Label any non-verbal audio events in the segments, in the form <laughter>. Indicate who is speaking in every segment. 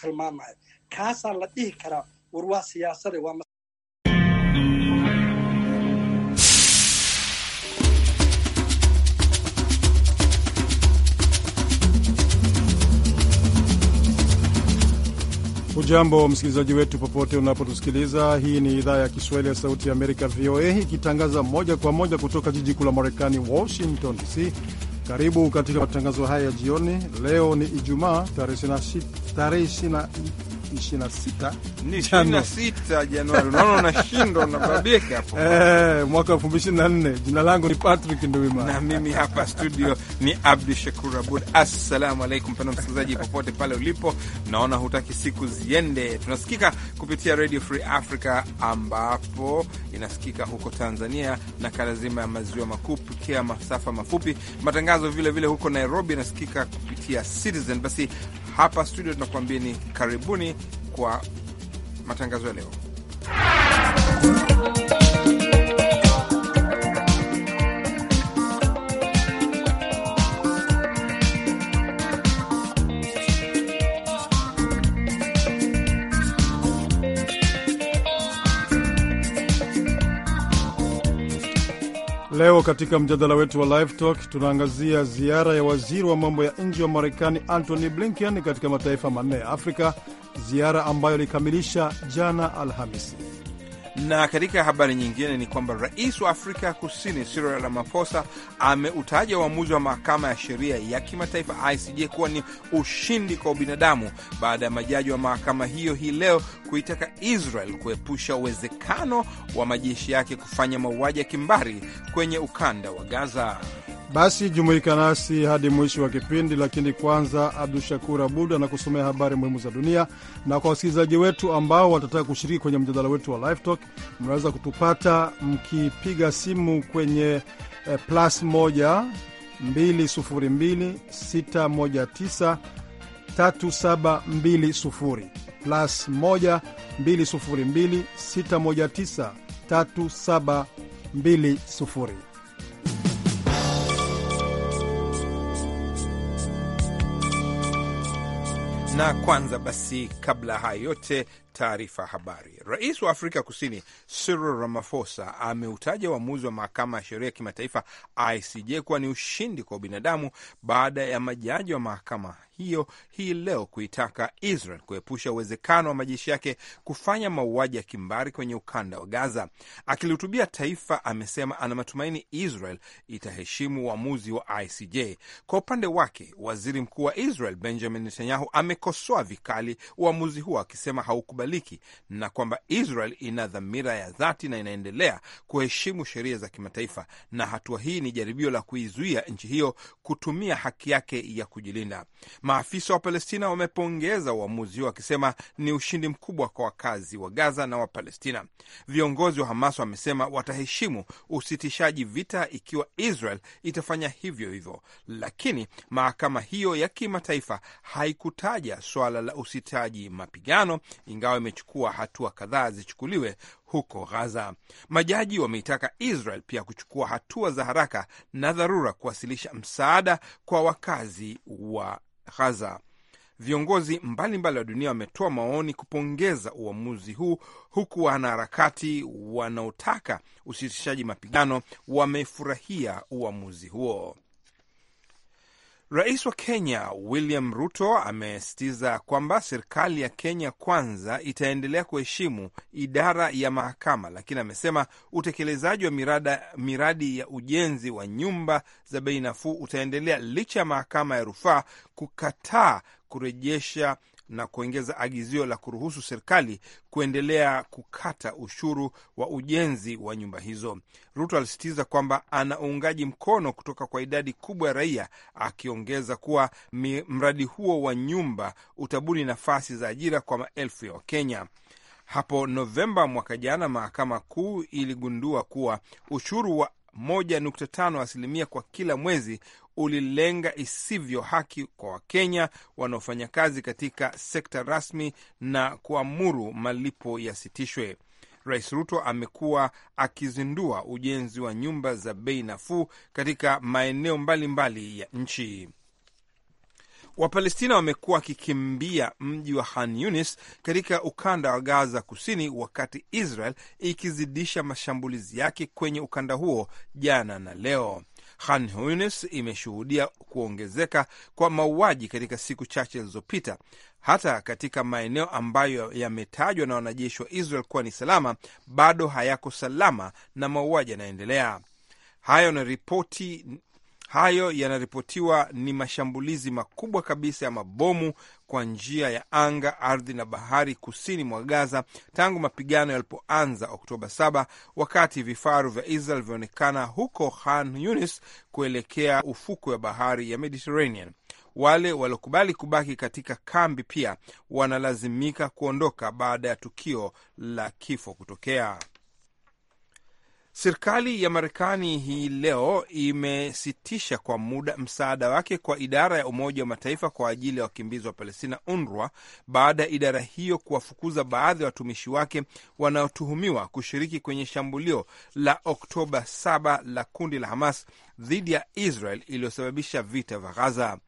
Speaker 1: tilmaamaya kaasaa la dhihi kara war waa siyaasada waa
Speaker 2: Ujambo msikilizaji wetu popote unapotusikiliza. Hii ni idhaa ya Kiswahili ya Sauti ya Amerika, VOA, ikitangaza moja kwa moja kutoka jiji kuu la Marekani, Washington DC. Karibu katika matangazo haya ya jioni. Leo ni Ijumaa tarehe 26 26 <laughs> eh, Jina langu ni Patrick Nduwimana na mimi hapa studio
Speaker 3: ni Abdu Shakur Abud. Assalamu alaikum pena msikilizaji, popote pale ulipo, naona hutaki siku ziende. Tunasikika kupitia Radio Free Africa ambapo inasikika huko Tanzania na kala zima ya maziwa makuu kupitia masafa mafupi. Matangazo vilevile vile huko Nairobi inasikika kupitia Citizen. Basi hapa studio tunakuambieni karibuni kwa matangazo ya leo.
Speaker 2: Leo katika mjadala wetu wa Live Talk tunaangazia ziara ya waziri wa mambo ya nje wa Marekani Antony Blinken katika mataifa manne ya Afrika, ziara ambayo ilikamilisha jana Alhamisi.
Speaker 3: Na katika habari nyingine ni kwamba rais wa Afrika ya Kusini Cyril Ramaphosa ameutaja uamuzi wa mahakama ya sheria ya kimataifa ICJ kuwa ni ushindi kwa ubinadamu baada ya majaji wa mahakama hiyo hii leo kuitaka Israel kuepusha uwezekano wa majeshi yake kufanya mauaji ya kimbari kwenye ukanda wa Gaza.
Speaker 2: Basi jumuika nasi hadi mwisho wa kipindi, lakini kwanza, Abdu Shakur Abud anakusomea habari muhimu za dunia. Na kwa wasikilizaji wetu ambao watataka kushiriki kwenye mjadala wetu wa Live Talk, mnaweza kutupata mkipiga simu kwenye eh, plus 1 202 619 3720 plus 1 202 619 3720. na kwanza
Speaker 3: basi, kabla haya yote taarifa habari. Rais wa Afrika Kusini Cyril Ramaphosa ameutaja uamuzi wa mahakama ya sheria ya kimataifa ICJ kuwa ni ushindi kwa ubinadamu baada ya majaji wa mahakama hiyo hii leo kuitaka Israel kuepusha uwezekano wa majeshi yake kufanya mauaji ya kimbari kwenye ukanda wa Gaza. Akilihutubia taifa, amesema ana matumaini Israel itaheshimu uamuzi wa ICJ. Kwa upande wake, waziri mkuu wa Israel Benjamin Netanyahu amekosoa vikali uamuzi huo akisema haukubali haikubaliki na kwamba Israel ina dhamira ya dhati na inaendelea kuheshimu sheria za kimataifa, na hatua hii ni jaribio la kuizuia nchi hiyo kutumia haki yake ya kujilinda. Maafisa wa Palestina wamepongeza uamuzi huo wakisema ni ushindi mkubwa kwa wakazi wa Gaza na Wapalestina. Viongozi wa Hamas wamesema wataheshimu usitishaji vita ikiwa Israel itafanya hivyo hivyo, lakini mahakama hiyo ya kimataifa haikutaja swala la usitaji mapigano ingawa ingawa imechukua hatua kadhaa zichukuliwe huko ghaza Majaji wameitaka Israel pia kuchukua hatua za haraka na dharura kuwasilisha msaada kwa wakazi wa ghaza Viongozi mbalimbali mbali wa dunia wametoa maoni kupongeza uamuzi huu, huku wanaharakati wanaotaka usitishaji mapigano wamefurahia uamuzi huo. Rais wa Kenya William Ruto amesisitiza kwamba serikali ya Kenya kwanza itaendelea kuheshimu idara ya mahakama, lakini amesema utekelezaji wa mirada, miradi ya ujenzi wa nyumba za bei nafuu utaendelea licha ya mahakama ya rufaa kukataa kurejesha na kuongeza agizio la kuruhusu serikali kuendelea kukata ushuru wa ujenzi wa nyumba hizo. Ruto alisisitiza kwamba ana uungaji mkono kutoka kwa idadi kubwa ya raia, akiongeza kuwa mradi huo wa nyumba utabuni nafasi za ajira kwa maelfu ya Wakenya. Hapo Novemba mwaka jana, mahakama kuu iligundua kuwa ushuru wa 1.5 asilimia kwa kila mwezi ulilenga isivyo haki kwa Wakenya wanaofanya kazi katika sekta rasmi na kuamuru malipo yasitishwe. Rais Ruto amekuwa akizindua ujenzi wa nyumba za bei nafuu katika maeneo mbalimbali mbali ya nchi. Wapalestina wamekuwa wakikimbia mji wa Han Yunis katika ukanda wa Gaza kusini wakati Israel ikizidisha mashambulizi yake kwenye ukanda huo jana na leo. Khan Yunis imeshuhudia kuongezeka kwa mauaji katika siku chache zilizopita, hata katika maeneo ambayo yametajwa na wanajeshi wa Israel kuwa ni salama, bado hayako salama na mauaji yanaendelea. Hayo ni ripoti Hayo yanaripotiwa ni mashambulizi makubwa kabisa ya mabomu kwa njia ya anga, ardhi na bahari kusini mwa Gaza tangu mapigano yalipoanza Oktoba 7 wakati vifaru vya Israel vyaonekana huko Khan Yunis kuelekea ufukwe wa bahari ya Mediterranean. Wale waliokubali kubaki katika kambi pia wanalazimika kuondoka baada ya tukio la kifo kutokea. Serikali ya Marekani hii leo imesitisha kwa muda msaada wake kwa idara ya Umoja wa Mataifa kwa ajili ya wakimbizi wa Palestina, UNRWA, baada ya idara hiyo kuwafukuza baadhi ya watumishi wake wanaotuhumiwa kushiriki kwenye shambulio la Oktoba 7 la kundi la Hamas dhidi ya Israel iliyosababisha vita vya Ghaza.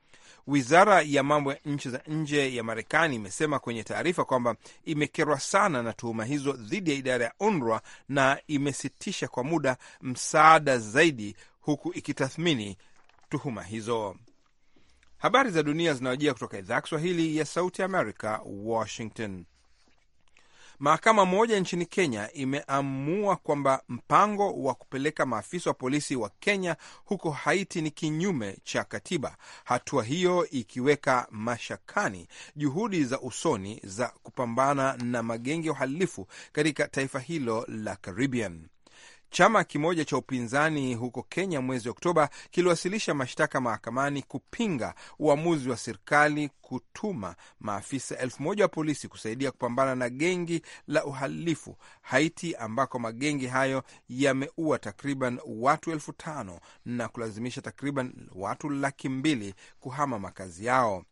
Speaker 3: Wizara ya mambo ya nchi za nje ya Marekani imesema kwenye taarifa kwamba imekerwa sana na tuhuma hizo dhidi ya idara ya UNRWA na imesitisha kwa muda msaada zaidi, huku ikitathmini tuhuma hizo. Habari za dunia zinawajia kutoka idhaa ya Kiswahili ya Sauti ya Amerika, Washington. Mahakama moja nchini Kenya imeamua kwamba mpango wa kupeleka maafisa wa polisi wa Kenya huko Haiti ni kinyume cha katiba, hatua hiyo ikiweka mashakani juhudi za usoni za kupambana na magenge ya uhalifu katika taifa hilo la Caribbean. Chama kimoja cha upinzani huko Kenya mwezi Oktoba kiliwasilisha mashtaka mahakamani kupinga uamuzi wa serikali kutuma maafisa elfu moja wa polisi kusaidia kupambana na gengi la uhalifu Haiti, ambako magengi hayo yameua takriban watu elfu tano na kulazimisha takriban watu laki mbili kuhama makazi yao.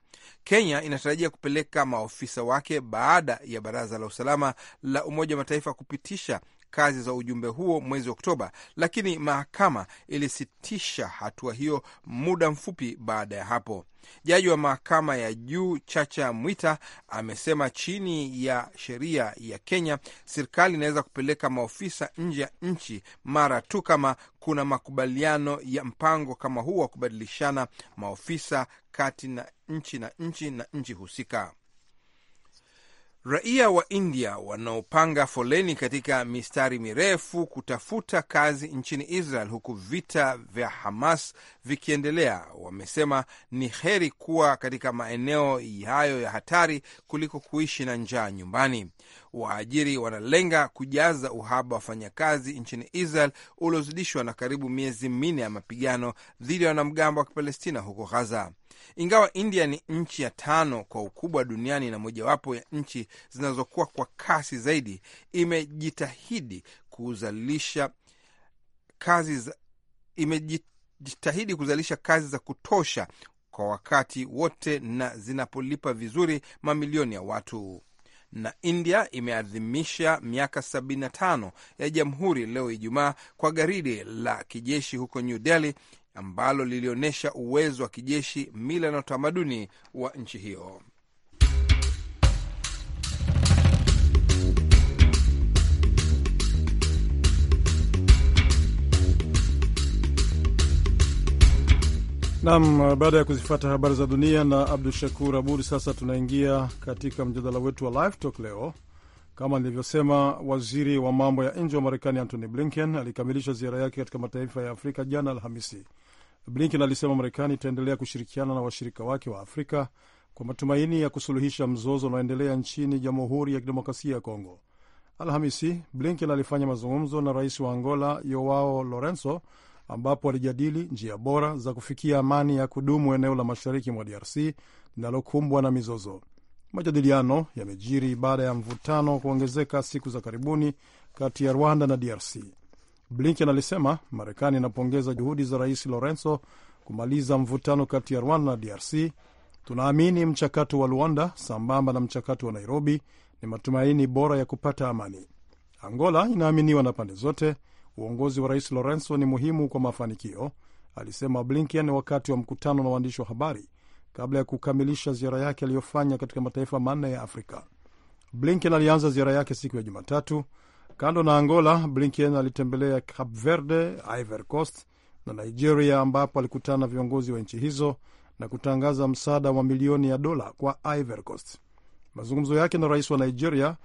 Speaker 3: Kenya inatarajia kupeleka maofisa wake baada ya baraza la usalama la Umoja wa Mataifa kupitisha kazi za ujumbe huo mwezi Oktoba, lakini mahakama ilisitisha hatua hiyo muda mfupi baada ya hapo. Jaji wa mahakama ya juu Chacha Mwita amesema chini ya sheria ya Kenya, serikali inaweza kupeleka maofisa nje ya nchi mara tu kama kuna makubaliano ya mpango kama huu wa kubadilishana maofisa kati na nchi na nchi na nchi husika. Raia wa India wanaopanga foleni katika mistari mirefu kutafuta kazi nchini Israel huku vita vya Hamas vikiendelea, wamesema ni heri kuwa katika maeneo hayo ya hatari kuliko kuishi na njaa nyumbani. Waajiri wanalenga kujaza uhaba wa wafanyakazi nchini Israel uliozidishwa na karibu miezi minne ya mapigano dhidi ya wanamgambo wa Kipalestina huko Ghaza. Ingawa India ni nchi ya tano kwa ukubwa duniani na mojawapo ya nchi zinazokuwa kwa kasi zaidi, imejitahidi kuzalisha kazi za, imejitahidi kuzalisha kazi za kutosha kwa wakati wote na zinapolipa vizuri mamilioni ya watu. Na India imeadhimisha miaka 75 ya jamhuri leo Ijumaa kwa garidi la kijeshi huko New Delhi ambalo lilionyesha uwezo wa kijeshi, mila na utamaduni wa nchi hiyo.
Speaker 2: Nam, baada ya kuzifata habari za dunia na Abdu Shakur Abud, sasa tunaingia katika mjadala wetu wa Live Talk leo kama nilivyosema, waziri wa mambo ya nje wa Marekani Antony Blinken alikamilisha ziara yake katika mataifa ya Afrika jana Alhamisi. Blinken alisema Marekani itaendelea kushirikiana na washirika wake wa Afrika kwa matumaini ya kusuluhisha mzozo unaoendelea nchini Jamhuri ya Kidemokrasia ya Kongo. Alhamisi, Blinken alifanya mazungumzo na rais wa Angola yoao Lorenzo, ambapo alijadili njia bora za kufikia amani ya kudumu eneo la mashariki mwa DRC linalokumbwa na mizozo. Majadiliano yamejiri baada ya mvutano kuongezeka siku za karibuni kati ya Rwanda na DRC. Blinken alisema Marekani inapongeza juhudi za Rais Lorenzo kumaliza mvutano kati ya Rwanda na DRC. Tunaamini mchakato wa Luanda sambamba na mchakato wa Nairobi ni matumaini bora ya kupata amani. Angola inaaminiwa na pande zote. Uongozi wa Rais Lorenzo ni muhimu kwa mafanikio, alisema Blinken wakati wa mkutano na waandishi wa habari kabla ya kukamilisha ziara yake aliyofanya katika mataifa manne ya Afrika. Blinken alianza ziara yake siku ya Jumatatu. Kando na Angola, Blinken alitembelea Cape Verde, Ivory Coast na Nigeria, ambapo alikutana viongozi wa nchi hizo na kutangaza msaada wa milioni ya dola kwa Ivory Coast. Mazungumzo yake na rais wa Nigeria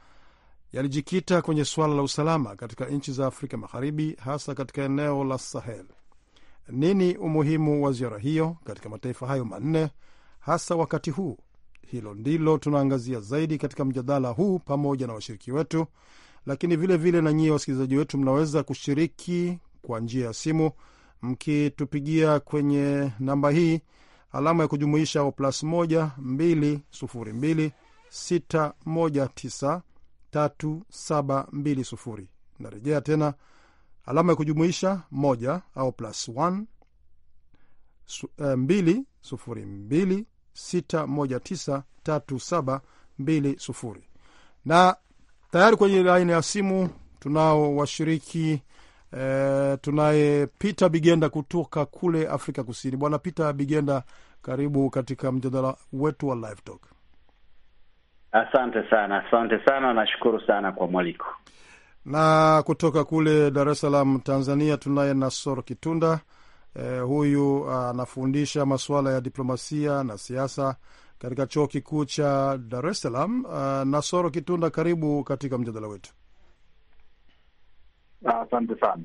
Speaker 2: yalijikita kwenye suala la usalama katika nchi za Afrika Magharibi, hasa katika eneo la Sahel. Nini umuhimu wa ziara hiyo katika mataifa hayo manne? hasa wakati huu. Hilo ndilo tunaangazia zaidi katika mjadala huu pamoja na washiriki wetu, lakini vilevile vile na nyie wasikilizaji wetu mnaweza kushiriki kwa njia ya simu mkitupigia kwenye namba hii alama ya kujumuisha o plus tatu saba mbili sufuri. Narejea tena alama ya kujumuisha moja au plus 1 eh, mbili 6193720. Na tayari kwenye laini ya simu tunao washiriki e, tunaye pite Bigenda kutoka kule Afrika Kusini. Bwana pite Bigenda, karibu katika mjadala wetu wa livetok
Speaker 4: Asante sana, asante sana, nashukuru sana kwa mwaliko.
Speaker 2: Na kutoka kule Dar es Salaam, Tanzania, tunaye nasor Kitunda eh, huyu ah, anafundisha ah, masuala ya diplomasia na siasa katika chuo kikuu cha Dar es Salaam. Uh, Nasoro Kitunda, karibu katika mjadala wetu.
Speaker 1: Asante sana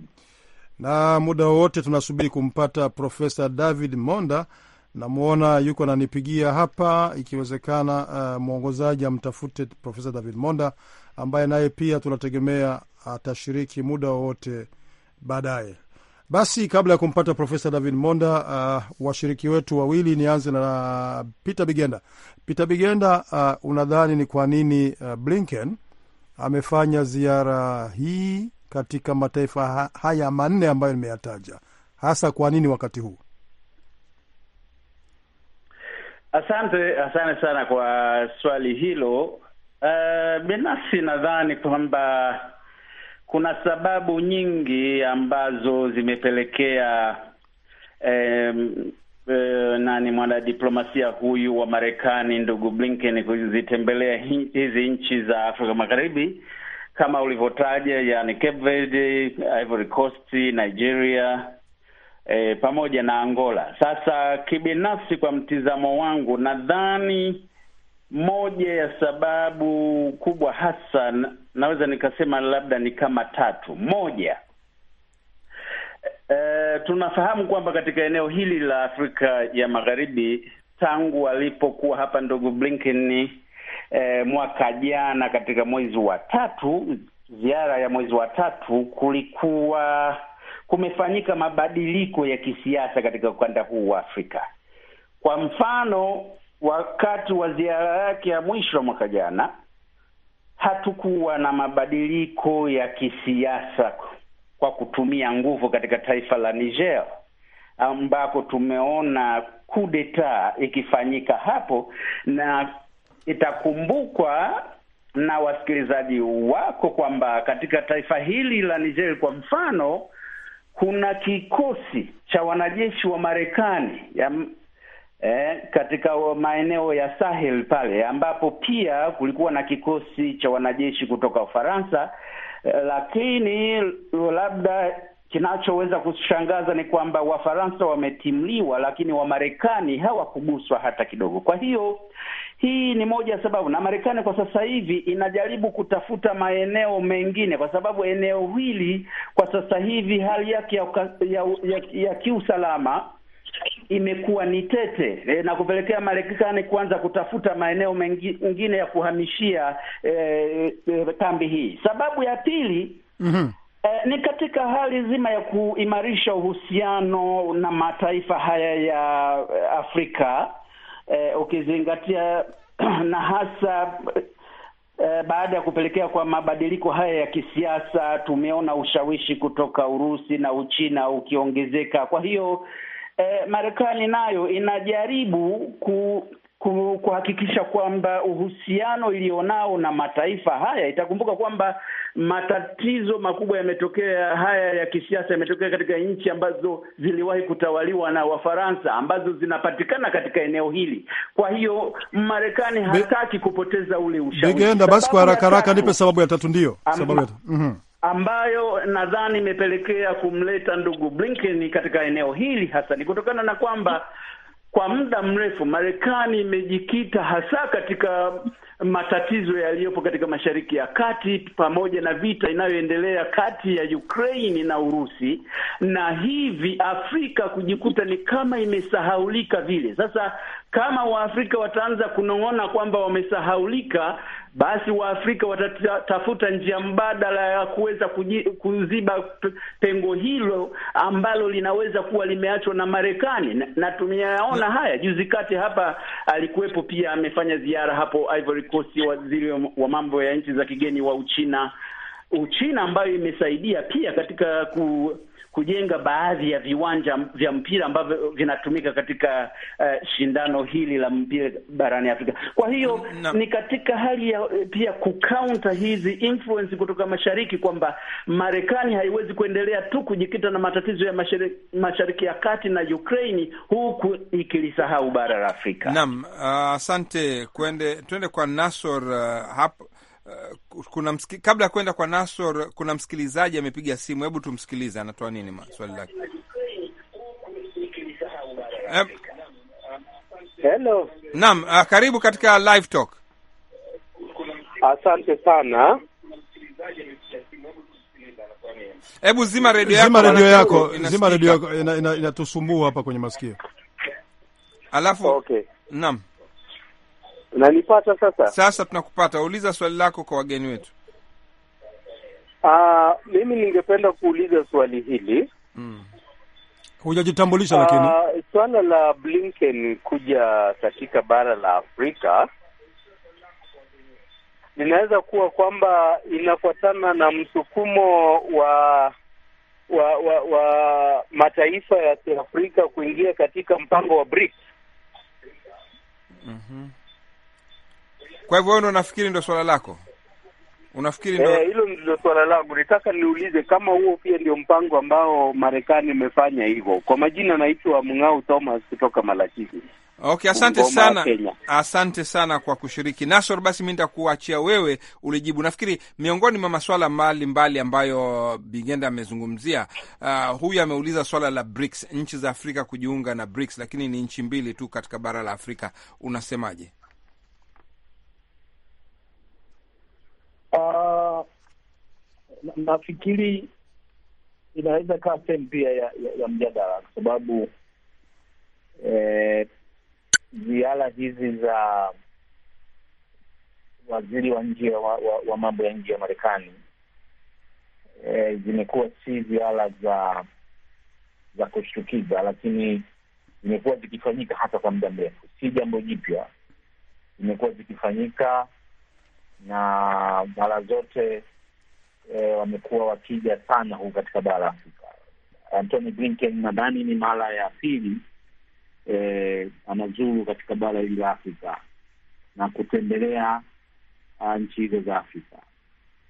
Speaker 2: na muda wowote tunasubiri kumpata Profesa David Monda. Namwona yuko ananipigia hapa, ikiwezekana uh, mwongozaji amtafute Profesa David Monda ambaye naye pia tunategemea atashiriki muda wowote baadaye. Basi kabla ya kumpata Profesa David Monda, uh, washiriki wetu wawili, nianze na Peter Bigenda. Peter Bigenda, uh, unadhani ni kwa nini uh, Blinken amefanya ziara hii katika mataifa haya manne ambayo nimeyataja, hasa kwa nini wakati huu?
Speaker 4: Asante, asante sana kwa swali hilo. Uh, binafsi nadhani kwamba kuna sababu nyingi ambazo zimepelekea eh, eh, nani mwanadiplomasia huyu wa Marekani ndugu Blinken kuzitembelea hizi nchi za Afrika Magharibi kama ulivyotaja, yani Cape Verde, Ivory Coast, Nigeria eh, pamoja na Angola. Sasa kibinafsi, kwa mtizamo wangu, nadhani moja ya sababu kubwa hasa naweza nikasema labda ni kama tatu. Moja, e, tunafahamu kwamba katika eneo hili la Afrika ya Magharibi tangu alipokuwa hapa ndugu Blinken e, mwaka jana katika mwezi wa tatu, ziara ya mwezi wa tatu, kulikuwa kumefanyika mabadiliko ya kisiasa katika ukanda huu wa Afrika. Kwa mfano wakati wa ziara yake ya mwisho mwaka jana hatukuwa na mabadiliko ya kisiasa kwa kutumia nguvu katika taifa la Niger ambako tumeona kudeta ikifanyika hapo, na itakumbukwa na wasikilizaji wako kwamba katika taifa hili la Niger kwa mfano, kuna kikosi cha wanajeshi wa Marekani eh, katika maeneo ya Sahel pale ambapo pia kulikuwa na kikosi cha wanajeshi kutoka Ufaransa eh, lakini labda kinachoweza kushangaza ni kwamba Wafaransa wametimliwa, lakini Wamarekani hawakuguswa hata kidogo. Kwa hiyo hii ni moja ya sababu, na Marekani kwa sasa hivi inajaribu kutafuta maeneo mengine, kwa sababu eneo hili kwa sasa hivi hali yake ya, ya, ya, ya kiusalama imekuwa ni tete e, na kupelekea Marekani kuanza kutafuta maeneo mengine ya kuhamishia e, e, kambi hii. Sababu ya pili mm -hmm. E, ni katika hali zima ya kuimarisha uhusiano na mataifa haya ya Afrika e, ukizingatia <clears throat> na hasa e, baada ya kupelekea kwa mabadiliko haya ya kisiasa tumeona ushawishi kutoka Urusi na Uchina ukiongezeka. Kwa hiyo eh, Marekani nayo inajaribu ku, kuhakikisha kwamba uhusiano iliyonao na mataifa haya, itakumbuka kwamba matatizo makubwa yametokea haya ya kisiasa yametokea katika nchi ambazo ziliwahi kutawaliwa na Wafaransa ambazo zinapatikana katika eneo hili. Kwa hiyo Marekani hataki kupoteza ule ushawishi. Basi kwa haraka haraka, nipe sababu
Speaker 2: ya tatu. ndio sababu ya tatu. Mhm
Speaker 4: ambayo nadhani imepelekea kumleta ndugu Blinken katika eneo hili hasa ni kutokana na kwamba kwa muda mrefu Marekani imejikita hasa katika matatizo yaliyopo katika Mashariki ya Kati pamoja na vita inayoendelea kati ya Ukraini na Urusi, na hivi Afrika kujikuta ni kama imesahaulika vile. Sasa kama Waafrika wataanza kunong'ona kwamba wamesahaulika, basi Waafrika watatafuta njia mbadala ya kuweza kuziba pengo hilo ambalo linaweza kuwa limeachwa na Marekani na, na tumeyaona haya juzi kati hapa alikuwepo pia amefanya ziara hapo Ivory Coast, waziri wa mambo ya nchi za kigeni wa Uchina Uchina ambayo imesaidia pia katika ku kujenga baadhi ya viwanja vya mpira ambavyo vinatumika katika uh, shindano hili la mpira barani Afrika. Kwa hiyo no. ni katika hali ya pia kukaunta hizi influence kutoka mashariki kwamba Marekani haiwezi kuendelea tu kujikita na matatizo ya mashariki, mashariki ya kati na Ukraini huku ikilisahau bara la Afrika.
Speaker 3: Naam, asante uh, kwende tuende kwa Nasor uh, eh, hapo Uh, kuna msiki, kabla ya kwenda kwa Nasor, kuna msikilizaji amepiga simu. Hebu tumsikilize, anatoa nini maswali lake.
Speaker 1: Hello. Naam, uh,
Speaker 3: karibu katika live talk. Asante sana. Hebu
Speaker 2: zima redio yako, zima redio yako, zima redio yako inatusumbua ina, ina hapa kwenye masikio.
Speaker 3: Alafu okay. Naam. Unanipata sasa? Sasa tunakupata. Uliza swali lako kwa wageni wetu.
Speaker 1: Aa, ah, mimi ningependa kuuliza swali
Speaker 5: hili
Speaker 2: mm. Hujajitambulisha ah, lakini.
Speaker 5: Swala la Blinken kuja katika bara la Afrika
Speaker 1: linaweza kuwa kwamba inafuatana na msukumo wa wa, wa, wa mataifa ya Kiafrika kuingia katika mpango wa BRICS.
Speaker 3: Mm-hmm. Kwa hivyo wewe ndo unafikiri ndo swala lako? Unafikiri ndo Eh,
Speaker 1: hilo? ndio swala langu. Nitaka niulize kama huo pia ndio mpango
Speaker 4: ambao Marekani imefanya hivyo. Kwa majina naitwa Mng'au Thomas kutoka Malakisi.
Speaker 3: Okay, asante Mboma sana Kenya. Asante sana kwa kushiriki Nasor. Basi mi nitakuachia wewe ulijibu. Nafikiri miongoni mwa maswala mbalimbali ambayo Bigenda amezungumzia, uh, huyu ameuliza swala la BRICS, nchi za Afrika kujiunga na BRICS, lakini ni nchi mbili tu katika bara la Afrika. Unasemaje?
Speaker 1: Uh, nafikiri inaweza kaa sehemu pia ya, ya, ya mjadala kwa sababu eh, ziara hizi za waziri wa nje wa, wa, wa mambo ya nje ya Marekani eh, zimekuwa si ziara za za kushtukiza, lakini zimekuwa zikifanyika hata kwa
Speaker 5: muda mrefu, si jambo jipya. Zimekuwa zikifanyika na mara zote e, wamekuwa wakija sana huku katika bara ya Afrika. Antony Blinken nadhani ni mara ya pili e,
Speaker 1: anazuru katika bara hili la Afrika na kutembelea ah, nchi hizo za Afrika,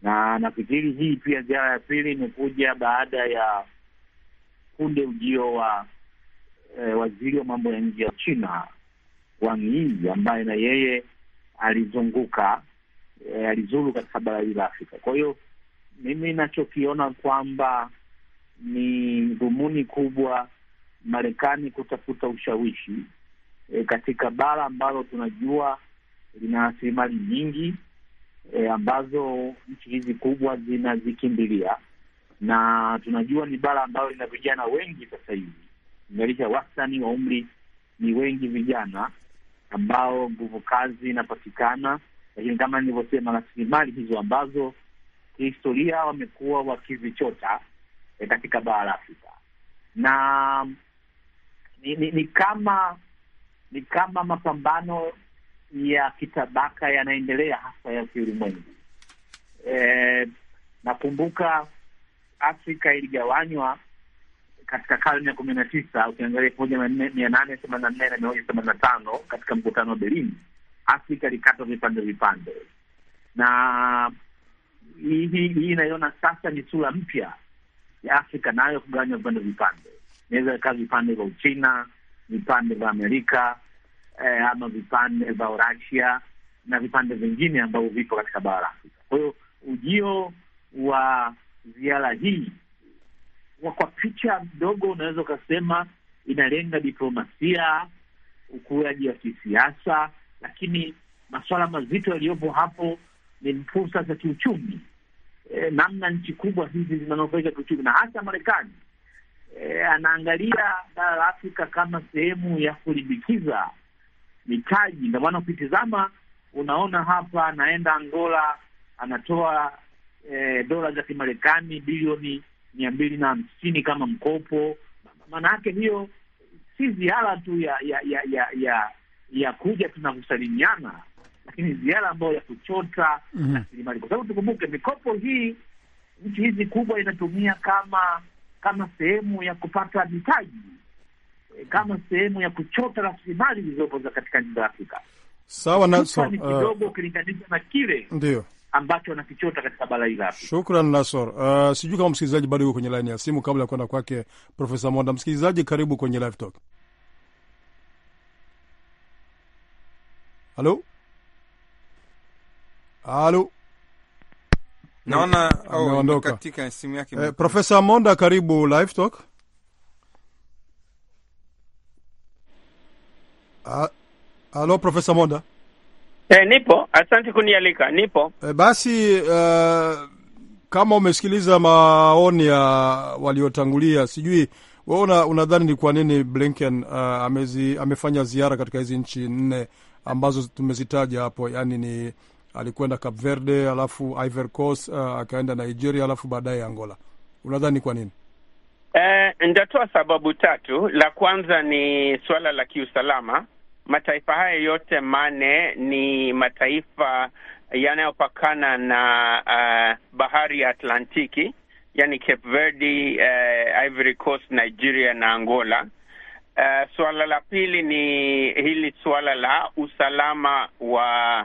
Speaker 1: na nafikiri hii pia ziara ya pili imekuja baada ya kunde ujio wa e, waziri wa mambo ya nje ya China
Speaker 5: Wang Yi ambaye na yeye alizunguka Eh, alizuru katika bara hili la Afrika. Kwa hiyo mimi nachokiona kwamba ni dhumuni kubwa Marekani kutafuta ushawishi e, katika bara ambalo tunajua lina rasilimali nyingi e, ambazo nchi hizi kubwa zinazikimbilia na tunajua ni bara ambalo lina vijana wengi sasa hivi, ingalisha wastani wa umri ni wengi vijana ambao nguvu kazi inapatikana lakini kama nilivyosema, rasilimali hizo ambazo kihistoria wamekuwa wakizichota eh, katika bara la Afrika na ni, ni, ni kama ni kama mapambano ya kitabaka yanaendelea hasa ya kiulimwengu. E, nakumbuka Afrika iligawanywa katika karne ya kumi na tisa ukiangalia elfu moja mia nane themanini na nne na mia moja themanini na tano katika mkutano wa Berlin Afrika ilikatwa vipande vipande, na hii hii inaiona sasa ni sura mpya ya Afrika nayo kugawanywa vipande vipande, inaweza ikawa vipande vya Uchina, vipande vya Amerika eh, ama vipande vya Urasia na vipande vingine ambavyo vipo katika bara la Afrika. Kwa hiyo ujio wa ziara hii kwa picha mdogo, unaweza ukasema inalenga diplomasia, ukuaji wa kisiasa lakini masuala mazito yaliyopo hapo ni fursa za kiuchumi e, namna nchi kubwa hizi zinanufaika kiuchumi na hasa Marekani. E, anaangalia bara la Afrika kama sehemu ya kulimbikiza mitaji. Ndio maana ukitizama unaona hapa anaenda Angola, anatoa e, dola za Kimarekani bilioni mia mbili na hamsini kama mkopo. Maana yake hiyo si ziara tu ya ya ya ya, ya ya kuja tunakusalimiana, lakini ziara ambayo ya kuchota mhm. rasilimali mm -hmm. Kwa sababu tukumbuke mikopo hii nchi hizi kubwa inatumia kama kama sehemu ya kupata mitaji, eh, kama sehemu ya kuchota rasilimali zilizopo za katika nchi za Afrika.
Speaker 2: Sawa na so, ni kidogo
Speaker 5: eh. ukilinganisha uh, na kile ndio ambacho wanakichota katika bara hili la Afrika.
Speaker 2: Shukran Nasor. Uh, sijui kama msikilizaji bado yuko kwenye laini ya simu kabla ya kwenda kwake Profesa Monda. Msikilizaji, karibu kwenye Live Talk. Allô Allô
Speaker 3: naona oh, ameondoka oh, katika simu yake eh, Profesa
Speaker 2: Monda, karibu live talk. Ah, Allô Profesa Monda.
Speaker 6: Eh, nipo, asante kunialika, nipo.
Speaker 2: Eh, basi uh, kama umesikiliza maoni ya waliotangulia, sijui wewe una, unadhani ni kwa nini Blinken uh, amezi, amefanya ziara katika hizi nchi nne ambazo tumezitaja hapo, yani ni alikwenda Cape Verde alafu Ivory Coast, uh, akaenda Nigeria alafu baadaye Angola. Unadhani kwa nini?
Speaker 6: Eh, nitatoa sababu tatu. La kwanza ni suala la kiusalama. Mataifa haya yote mane ni mataifa yanayopakana na uh, bahari ya Atlantiki, yani Cape Verde, uh, Ivory Coast, Nigeria na Angola Uh, suala la pili ni hili suala la usalama wa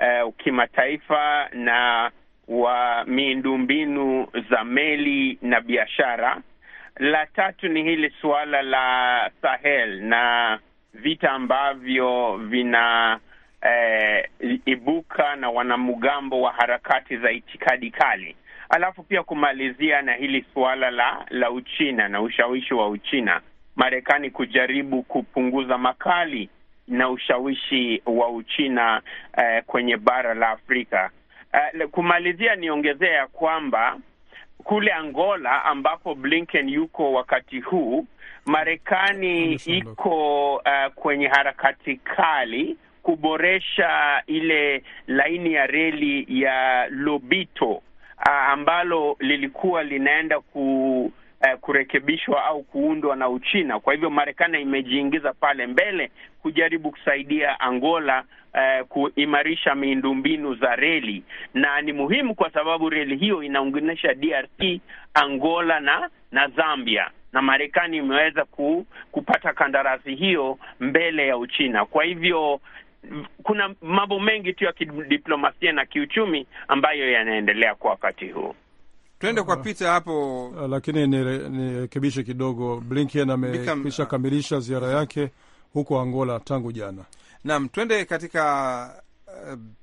Speaker 6: uh, kimataifa na wa miundombinu za meli na biashara. La tatu ni hili suala la Sahel na vita ambavyo vina eh, ibuka na wanamgambo wa harakati za itikadi kali, alafu pia kumalizia na hili suala la la Uchina na ushawishi wa Uchina. Marekani kujaribu kupunguza makali na ushawishi wa Uchina eh, kwenye bara la Afrika. Eh, kumalizia niongezea ya kwamba kule Angola ambapo Blinken yuko wakati huu, Marekani iko uh, kwenye harakati kali kuboresha ile laini ya reli ya Lobito uh, ambalo lilikuwa linaenda ku eh, kurekebishwa au kuundwa na Uchina. Kwa hivyo Marekani imejiingiza pale mbele kujaribu kusaidia Angola eh, kuimarisha miundombinu za reli, na ni muhimu kwa sababu reli hiyo inaunganisha DRC, Angola na na Zambia na Marekani imeweza ku, kupata kandarasi hiyo mbele ya Uchina. Kwa hivyo kuna mambo mengi tu ya kidiplomasia na kiuchumi ambayo yanaendelea kwa wakati huu.
Speaker 2: Tuende kwa Peter hapo, eh, lakini nirekebishe ni kidogo. Blinken amekwisha kamilisha ziara yake huko Angola tangu jana.
Speaker 3: Naam, twende katika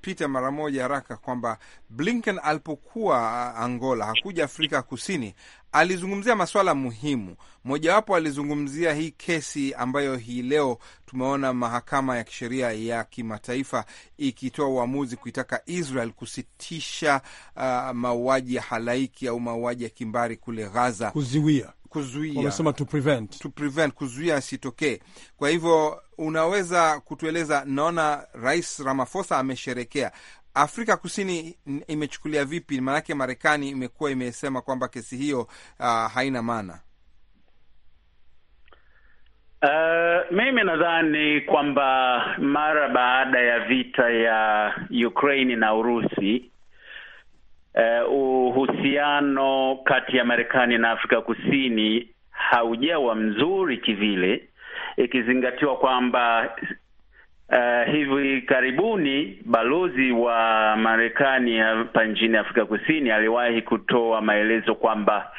Speaker 3: pita mara moja haraka kwamba Blinken alipokuwa uh, Angola hakuja Afrika Kusini, alizungumzia masuala muhimu. Mojawapo alizungumzia hii kesi ambayo hii leo tumeona mahakama ya kisheria ya kimataifa ikitoa uamuzi kuitaka Israel kusitisha uh, mauaji ya halaiki au mauaji ya kimbari kule Gaza,
Speaker 2: kuziwia kuzuia, wamesema to prevent, to
Speaker 3: prevent, kuzuia asitokee. Kwa hivyo unaweza kutueleza, naona Rais Ramaphosa amesherekea Afrika Kusini imechukulia vipi? Maanake Marekani imekuwa imesema kwamba kesi hiyo uh, haina maana.
Speaker 4: Uh, mimi nadhani kwamba mara baada ya vita ya ukraini na Urusi Eh, uhusiano kati ya Marekani na Afrika Kusini haujawa mzuri kivile, ikizingatiwa kwamba eh, hivi karibuni balozi wa Marekani hapa nchini Afrika Kusini aliwahi kutoa maelezo kwamba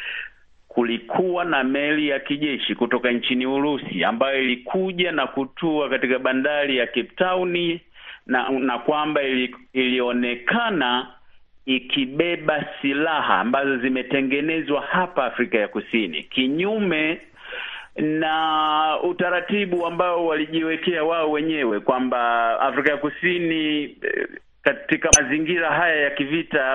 Speaker 4: kulikuwa na meli ya kijeshi kutoka nchini Urusi ambayo ilikuja na kutua katika bandari ya Cape Town na, na kwamba ilionekana ikibeba silaha ambazo zimetengenezwa hapa Afrika ya Kusini kinyume na utaratibu ambao walijiwekea wao wenyewe kwamba Afrika ya Kusini eh, katika mazingira haya ya kivita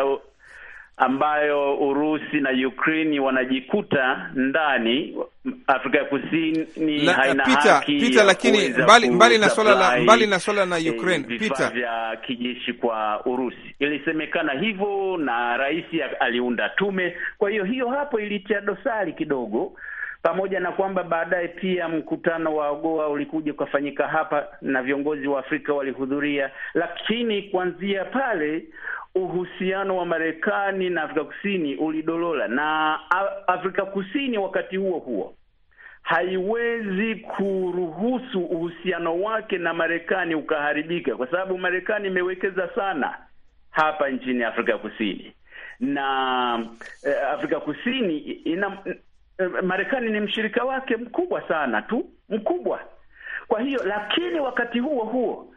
Speaker 4: ambayo Urusi na Ukraini wanajikuta ndani. Afrika ya Kusini la, haina Peter, haki Peter, lakini mbali, mbali na swala la mbali na swala la eh, Ukraine eh, vya kijeshi kwa Urusi ilisemekana hivyo na rais aliunda tume. Kwa hiyo hiyo hapo ilitia dosari kidogo pamoja na kwamba baadaye pia mkutano wa AGOA ulikuja ukafanyika hapa na viongozi wa Afrika walihudhuria, lakini kuanzia pale uhusiano wa Marekani na Afrika Kusini ulidolola, na Afrika Kusini wakati huo huo haiwezi kuruhusu uhusiano wake na Marekani ukaharibika, kwa sababu Marekani imewekeza sana hapa nchini Afrika Kusini na eh, Afrika Kusini ina Eh, Marekani ni mshirika wake mkubwa sana tu mkubwa. Kwa hiyo lakini wakati huo huo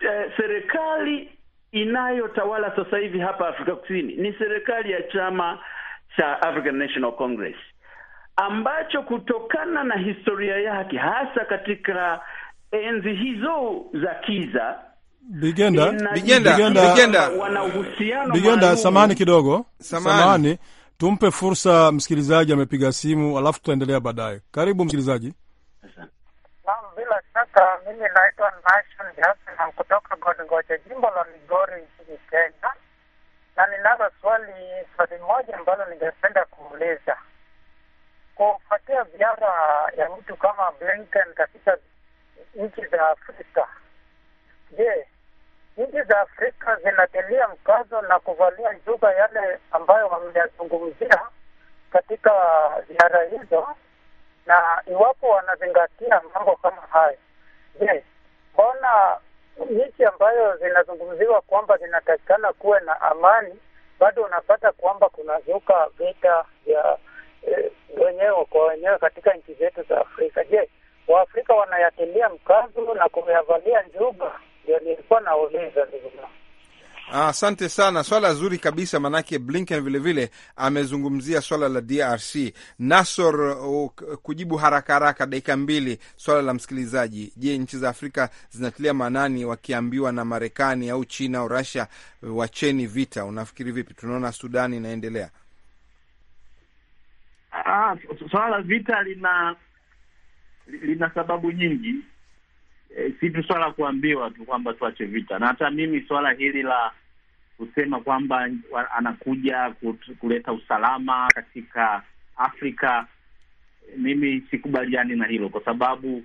Speaker 4: e, serikali inayotawala sasa hivi hapa Afrika Kusini ni serikali ya chama cha African National Congress ambacho kutokana na historia yake hasa katika enzi hizo
Speaker 2: za kiza Bigenda, Bigenda, Bigenda, Bigenda,
Speaker 6: Bigenda, samani kidogo,
Speaker 2: samani, samani. Tumpe fursa msikilizaji, amepiga simu, alafu tutaendelea baadaye. Karibu msikilizaji. Naam,
Speaker 1: bila shaka, mimi naitwa Nashon kutoka Godgoja, jimbo la Migori nchini Kenya, na ninalo swali swali moja ambalo ningependa kuuliza kufuatia ziara ya mtu kama Blinken katika nchi za Afrika. Je, nchi za Afrika zinatilia mkazo na kuvalia njuga yale ambayo wameyazungumzia katika ziara hizo, na iwapo wanazingatia mambo kama hayo, je, mbona nchi ambayo zinazungumziwa kwamba zinatakikana kuwe na amani bado unapata kwamba kunazuka vita vya e, wenyewe kwa wenyewe katika nchi zetu za Afrika? Je, Waafrika wanayatilia mkazo na kuyavalia njuga nilikuwa
Speaker 3: ah, Asante sana, swala zuri kabisa. Maanake Blinken vilevile vile amezungumzia swala la DRC. Nasor, uh, kujibu haraka haraka, dakika mbili, swala la msikilizaji. Je, nchi za Afrika zinatilia maanani wakiambiwa na Marekani au China au rasia uh, wacheni vita? Unafikiri vipi? Tunaona Sudan inaendelea. Ah, swala la
Speaker 5: vita lina lina sababu nyingi e, si tu swala kuambiwa tu kwamba tuache vita, na hata mimi swala hili la kusema kwamba anakuja kuleta usalama katika Afrika, mimi sikubaliani na hilo kwa sababu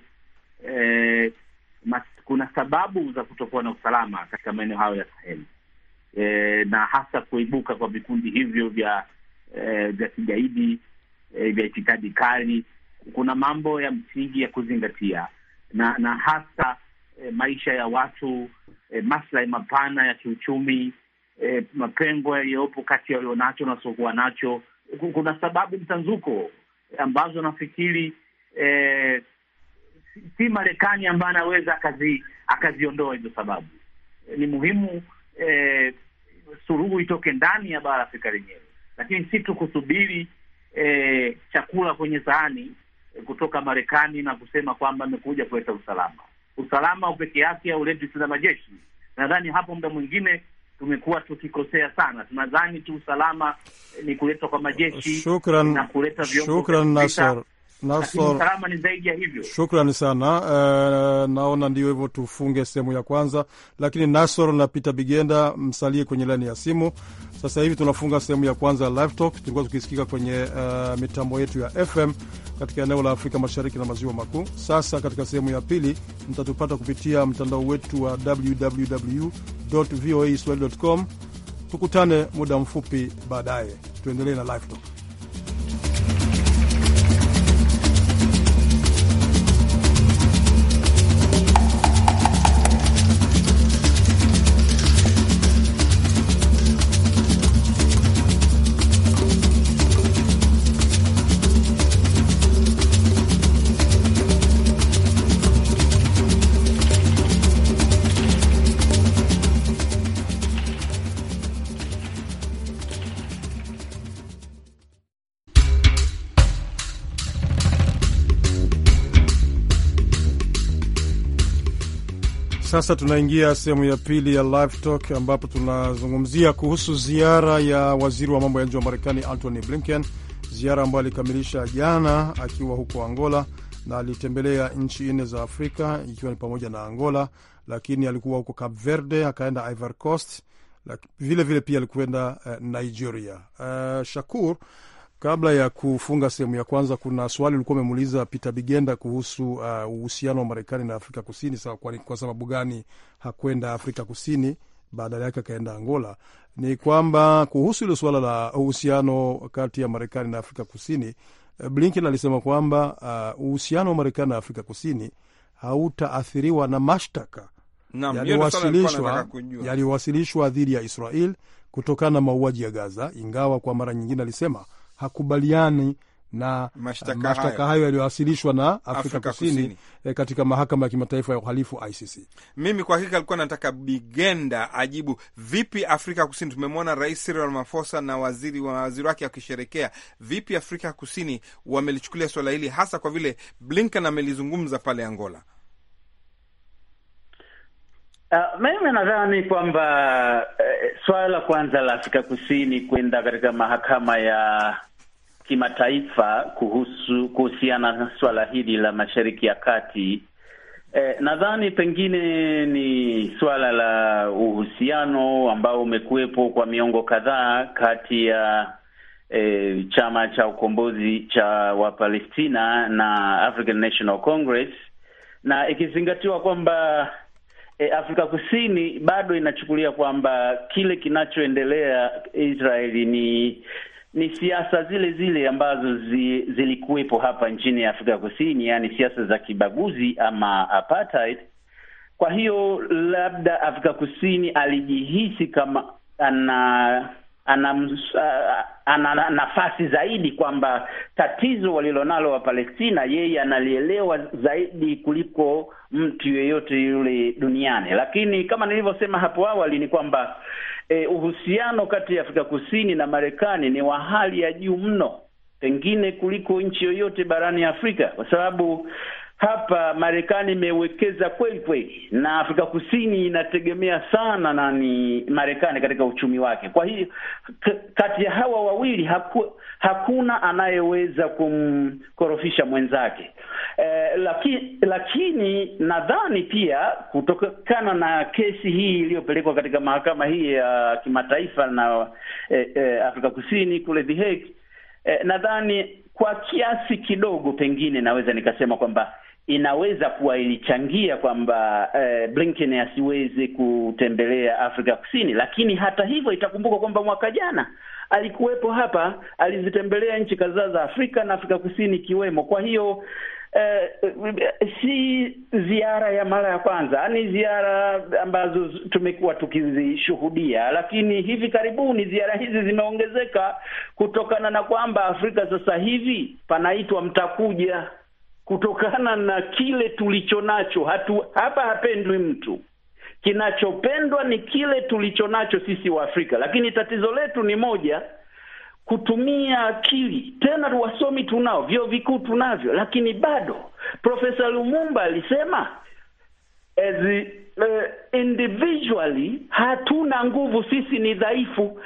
Speaker 5: e, mas, kuna sababu za kutokuwa na usalama katika maeneo hayo ya Saheli e, eh, na hasa kuibuka kwa vikundi hivyo vya e, vya kigaidi e, vya itikadi kali. Kuna mambo ya msingi ya kuzingatia na na hasa e, maisha ya watu e, maslahi mapana ya kiuchumi e, mapengo yaliyopo kati ya walionacho na wasiokuwa nacho. Kuna sababu mtanzuko ambazo nafikiri e, si Marekani ambaye anaweza akazi, akaziondoa hizo sababu. Ni muhimu e, suruhu itoke ndani ya bara Afrika lenyewe, lakini si tu kusubiri e, chakula kwenye sahani kutoka Marekani na kusema kwamba amekuja kuleta usalama. Usalama peke yake hauletwi tu na majeshi. Nadhani hapo muda mwingine tumekuwa tukikosea sana, tunadhani tu usalama eh, ni kuletwa kwa majeshi na kuleta viongozi.
Speaker 2: Nasor, usalama
Speaker 5: ni zaidi ya hivyo.
Speaker 2: Shukrani sana. Uh, naona ndio hivyo, tufunge sehemu ya kwanza, lakini Nasor na Peter Bigenda msalie kwenye laini ya simu. Sasa hivi tunafunga sehemu ya kwanza ya Live Talk. Tulikuwa tukisikika kwenye uh, mitambo yetu ya FM katika eneo la Afrika Mashariki na Maziwa Makuu. Sasa katika sehemu ya pili mtatupata kupitia mtandao wetu wa www voa swahili com. Tukutane muda mfupi baadaye, tuendelee na Live Talk. sasa tunaingia sehemu ya pili ya Live Talk ambapo tunazungumzia kuhusu ziara ya waziri wa mambo ya nje wa Marekani Antony Blinken, ziara ambayo alikamilisha jana akiwa huko Angola na alitembelea nchi nne za Afrika ikiwa ni pamoja na Angola, lakini alikuwa huko Cape Verde, akaenda Ivory Coast vilevile, pia alikwenda eh, Nigeria. Uh, Shakur, Kabla ya kufunga sehemu ya kwanza, kuna swali ulikuwa umemuuliza Peter Bigenda kuhusu uh, uhusiano wa Marekani na Afrika Kusini. Sawa, kwa, kwa sababu gani hakwenda Afrika Kusini badala yake akaenda Angola? Ni kwamba kuhusu hilo suala la uhusiano kati ya Marekani na Afrika Kusini, eh, Blinken alisema kwamba uh, uhusiano wa Marekani na Afrika Kusini hautaathiriwa na mashtaka
Speaker 3: yaliyowasilishwa
Speaker 2: yaliyowasilishwa dhidi ya Israel kutokana na mauaji ya Gaza, ingawa kwa mara nyingine alisema hakubaliani na mashtaka hayo yaliyowasilishwa na Afrika, Afrika Kusini, Kusini, eh, katika mahakama ya kimataifa ya uhalifu ICC.
Speaker 3: Mimi kwa hakika alikuwa nataka Bigenda ajibu vipi Afrika Kusini. Tumemwona Rais Cyril Ramaphosa na waziri wa waziri wake wakisherekea vipi Afrika Kusini wamelichukulia swala hili, hasa kwa vile Blinken amelizungumza pale Angola. Eh, mimi nadhani kwamba eh, swala la kwanza la Afrika
Speaker 4: Kusini kwenda katika mahakama ya kimataifa kuhusu kuhusiana na swala hili la Mashariki ya Kati eh, nadhani pengine ni swala la uhusiano ambao umekuwepo kwa miongo kadhaa kati ya eh, chama cha ukombozi cha Wapalestina na African National Congress na ikizingatiwa kwamba e, Afrika Kusini bado inachukulia kwamba kile kinachoendelea Israeli ni ni siasa zile zile ambazo zi, zilikuwepo hapa nchini Afrika Kusini, yaani siasa za kibaguzi ama apartheid. Kwa hiyo labda Afrika Kusini alijihisi kama ana ana ana nafasi zaidi, kwamba tatizo walilonalo Wapalestina yeye analielewa zaidi kuliko mtu yeyote yule duniani. Lakini kama nilivyosema hapo awali ni kwamba eh, uhusiano kati ya Afrika Kusini na Marekani ni wa hali ya juu mno, pengine kuliko nchi yoyote barani Afrika kwa sababu hapa Marekani imewekeza kweli kweli, na Afrika Kusini inategemea sana nani Marekani katika uchumi wake. Kwa hiyo kati ya hawa wawili haku, hakuna anayeweza kumkorofisha mwenzake eh, lakini, lakini nadhani pia kutokana na kesi hii iliyopelekwa katika mahakama hii ya uh, kimataifa na eh, eh, Afrika Kusini kule The Hague eh, nadhani kwa kiasi kidogo pengine naweza nikasema kwamba inaweza kuwa ilichangia kwamba eh, Blinken asiweze kutembelea Afrika Kusini, lakini hata hivyo itakumbuka kwamba mwaka jana alikuwepo hapa, alizitembelea nchi kadhaa za Afrika na Afrika Kusini ikiwemo. Kwa hiyo eh, si ziara ya mara ya kwanza, ni ziara ambazo tumekuwa tukizishuhudia, lakini hivi karibuni ziara hizi zimeongezeka kutokana na kwamba Afrika sasa hivi panaitwa mtakuja kutokana na kile tulichonacho. Hatu, hapa hapendwi mtu, kinachopendwa ni kile tulichonacho sisi wa Afrika, lakini tatizo letu ni moja kutumia akili. Tena wasomi tunao, vyuo vikuu tunavyo, lakini bado Profesa Lumumba alisema as uh, individually hatuna nguvu, sisi ni dhaifu,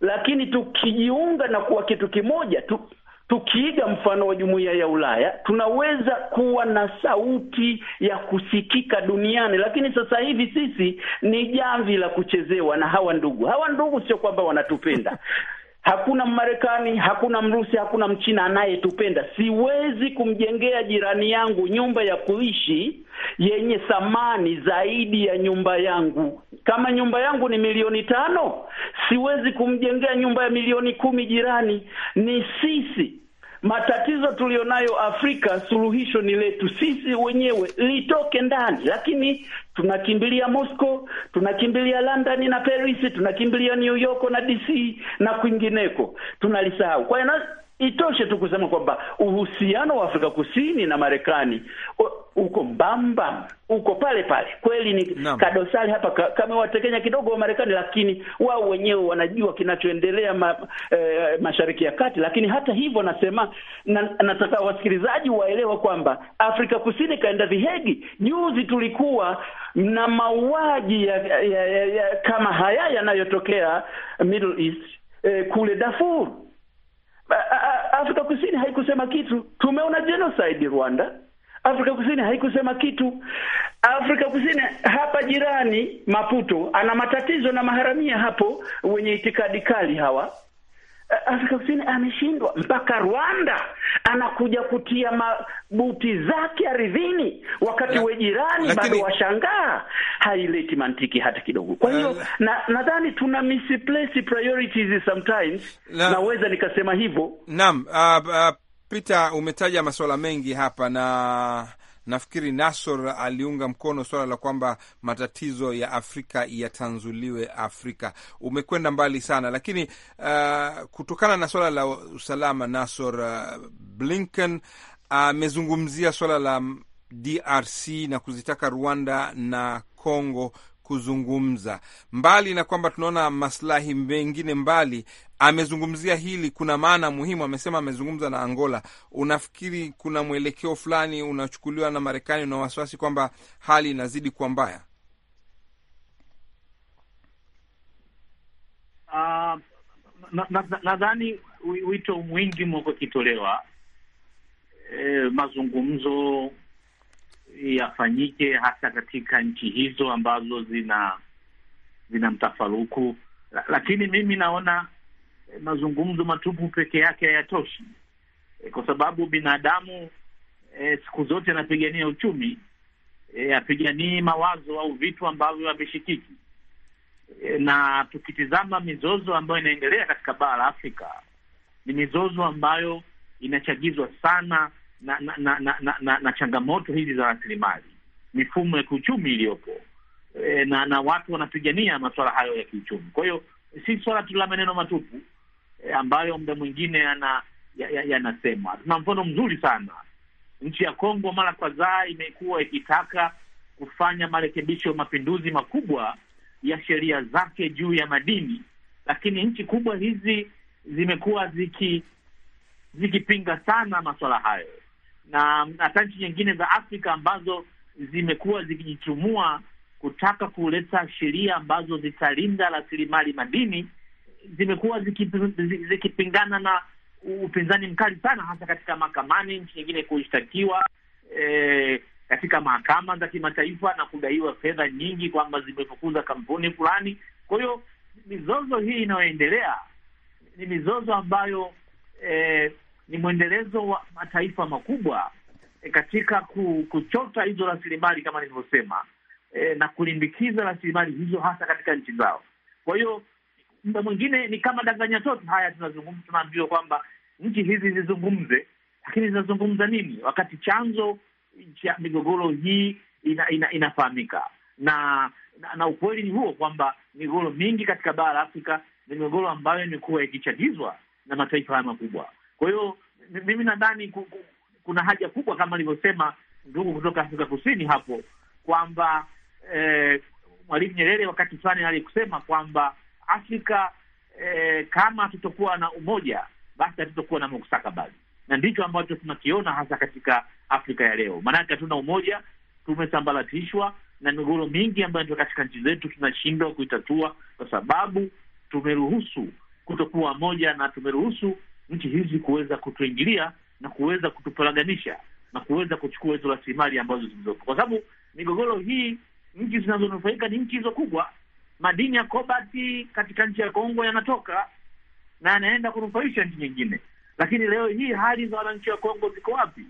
Speaker 4: lakini tukijiunga na kuwa kitu kimoja tu, tukiiga mfano wa jumuiya ya Ulaya tunaweza kuwa na sauti ya kusikika duniani, lakini sasa hivi sisi ni jamvi la kuchezewa na hawa ndugu. Hawa ndugu sio kwamba wanatupenda <laughs> Hakuna Mmarekani, hakuna Mrusi, hakuna Mchina anayetupenda. Siwezi kumjengea jirani yangu nyumba ya kuishi yenye thamani zaidi ya nyumba yangu. Kama nyumba yangu ni milioni tano, siwezi kumjengea nyumba ya milioni kumi jirani. Ni sisi matatizo tuliyonayo Afrika, suluhisho ni letu sisi wenyewe, litoke ndani. Lakini tunakimbilia Moscow, tunakimbilia London na Paris, tunakimbilia New York na DC na kwingineko, tunalisahau. Kwa hiyo Itoshe tu kusema kwamba uhusiano wa Afrika Kusini na Marekani uko mbamba, uko pale pale. Kweli ni Nama. kadosali hapa ka, kamewatekenya kidogo wa Marekani, lakini wao wenyewe wanajua kinachoendelea ma, e, Mashariki ya Kati. Lakini hata hivyo nasema na, nataka wasikilizaji waelewe kwamba Afrika Kusini kaenda vihegi Juzi tulikuwa na mauaji ya, ya, ya, ya, kama haya yanayotokea Middle East eh, kule Darfur Afrika Kusini haikusema kitu. Tumeona genocide Rwanda, Afrika Kusini haikusema kitu. Afrika Kusini hapa jirani Maputo ana matatizo na maharamia hapo wenye itikadi kali hawa Eh, Afrika Kusini ameshindwa mpaka Rwanda anakuja kutia mabuti zake aridhini wakati we jirani bado washangaa.
Speaker 3: Haileti mantiki hata kidogo. Kwa hiyo
Speaker 4: na, nadhani tuna misplace priorities
Speaker 3: sometimes, naweza nikasema hivyo. Naam, uh, uh, Peter umetaja masuala mengi hapa na nafikiri Nasor aliunga mkono suala la kwamba matatizo ya Afrika yatanzuliwe Afrika. Umekwenda mbali sana, lakini uh, kutokana na swala la usalama, Nasor uh, Blinken amezungumzia uh, swala la DRC na kuzitaka Rwanda na Kongo kuzungumza. Mbali na kwamba tunaona maslahi mengine mbali, amezungumzia hili, kuna maana muhimu. Amesema amezungumza na Angola. Unafikiri kuna mwelekeo fulani unachukuliwa na Marekani? Una wasiwasi kwamba hali inazidi kuwa mbaya?
Speaker 5: Uh, ah, nadhani na, na, na wito mwingi mwako ukitolewa, e, mazungumzo yafanyike hasa katika nchi hizo ambazo zina zina mtafaruku. Lakini mimi naona eh, mazungumzo matupu peke yake hayatoshi, eh, kwa sababu binadamu e, siku zote anapigania uchumi e, apiganii mawazo au vitu ambavyo havishikiki. E, na tukitizama mizozo ambayo inaendelea katika bara la Afrika ni mizozo ambayo inachagizwa sana na na na, na, na, na na changamoto hizi za rasilimali, mifumo ya kiuchumi iliyopo e, na na watu wanapigania masuala hayo ya kiuchumi. Kwa hiyo si swala tu la maneno matupu e, ambayo muda mwingine yana yanasemwa ya, ya. Tuna mfano mzuri sana nchi ya Kongo, mara kadhaa imekuwa ikitaka kufanya marekebisho, mapinduzi makubwa ya sheria zake juu ya madini, lakini nchi kubwa hizi zimekuwa ziki zikipinga sana masuala hayo na, nchi nyingine za Afrika ambazo zimekuwa zikijitumua kutaka kuleta sheria ambazo zitalinda rasilimali madini zimekuwa zikipingana na upinzani mkali sana, hasa katika mahakamani, nchi nyingine kushtakiwa e, katika mahakama za kimataifa na kudaiwa fedha nyingi kwamba zimefukuza kampuni fulani. Kwa hiyo mizozo hii inayoendelea ni mizozo ambayo e, ni mwendelezo wa mataifa makubwa e, katika kuchota hizo rasilimali kama nilivyosema, e, na kulimbikiza rasilimali hizo hasa katika nchi zao. Kwa hiyo muda mwingine ni kama danganya toto. Haya, tunazungumza tunaambiwa kwamba nchi hizi zizungumze, lakini zinazungumza nini wakati chanzo cha migogoro hii ina, ina, inafahamika na na, na ukweli ni huo kwamba migogoro mingi katika bara la Afrika ni migogoro ambayo imekuwa ikichagizwa na mataifa haya makubwa. Kwa hiyo mimi nadhani kuna haja kubwa kama alivyosema ndugu kutoka Afrika Kusini hapo kwamba eh, Mwalimu Nyerere wakati fulani alikusema kwamba Afrika eh, kama hatutokuwa na umoja basi hatutokuwa na mustakabali, na ndicho ambacho tunakiona hasa katika Afrika ya leo. Maanake hatuna umoja, tumesambaratishwa na migogoro mingi ambayo ndio katika nchi zetu tunashindwa kuitatua kwa sababu tumeruhusu kutokuwa moja na tumeruhusu nchi hizi kuweza kutuingilia na kuweza kutuparaganisha na kuweza kuchukua hizo rasilimali ambazo zilizopo, kwa sababu migogoro hii, nchi zinazonufaika ni nchi hizo kubwa. Madini ya kobati katika nchi ya Kongo yanatoka na yanaenda kunufaisha nchi nyingine, lakini leo hii hali za wananchi wa Kongo ziko wapi?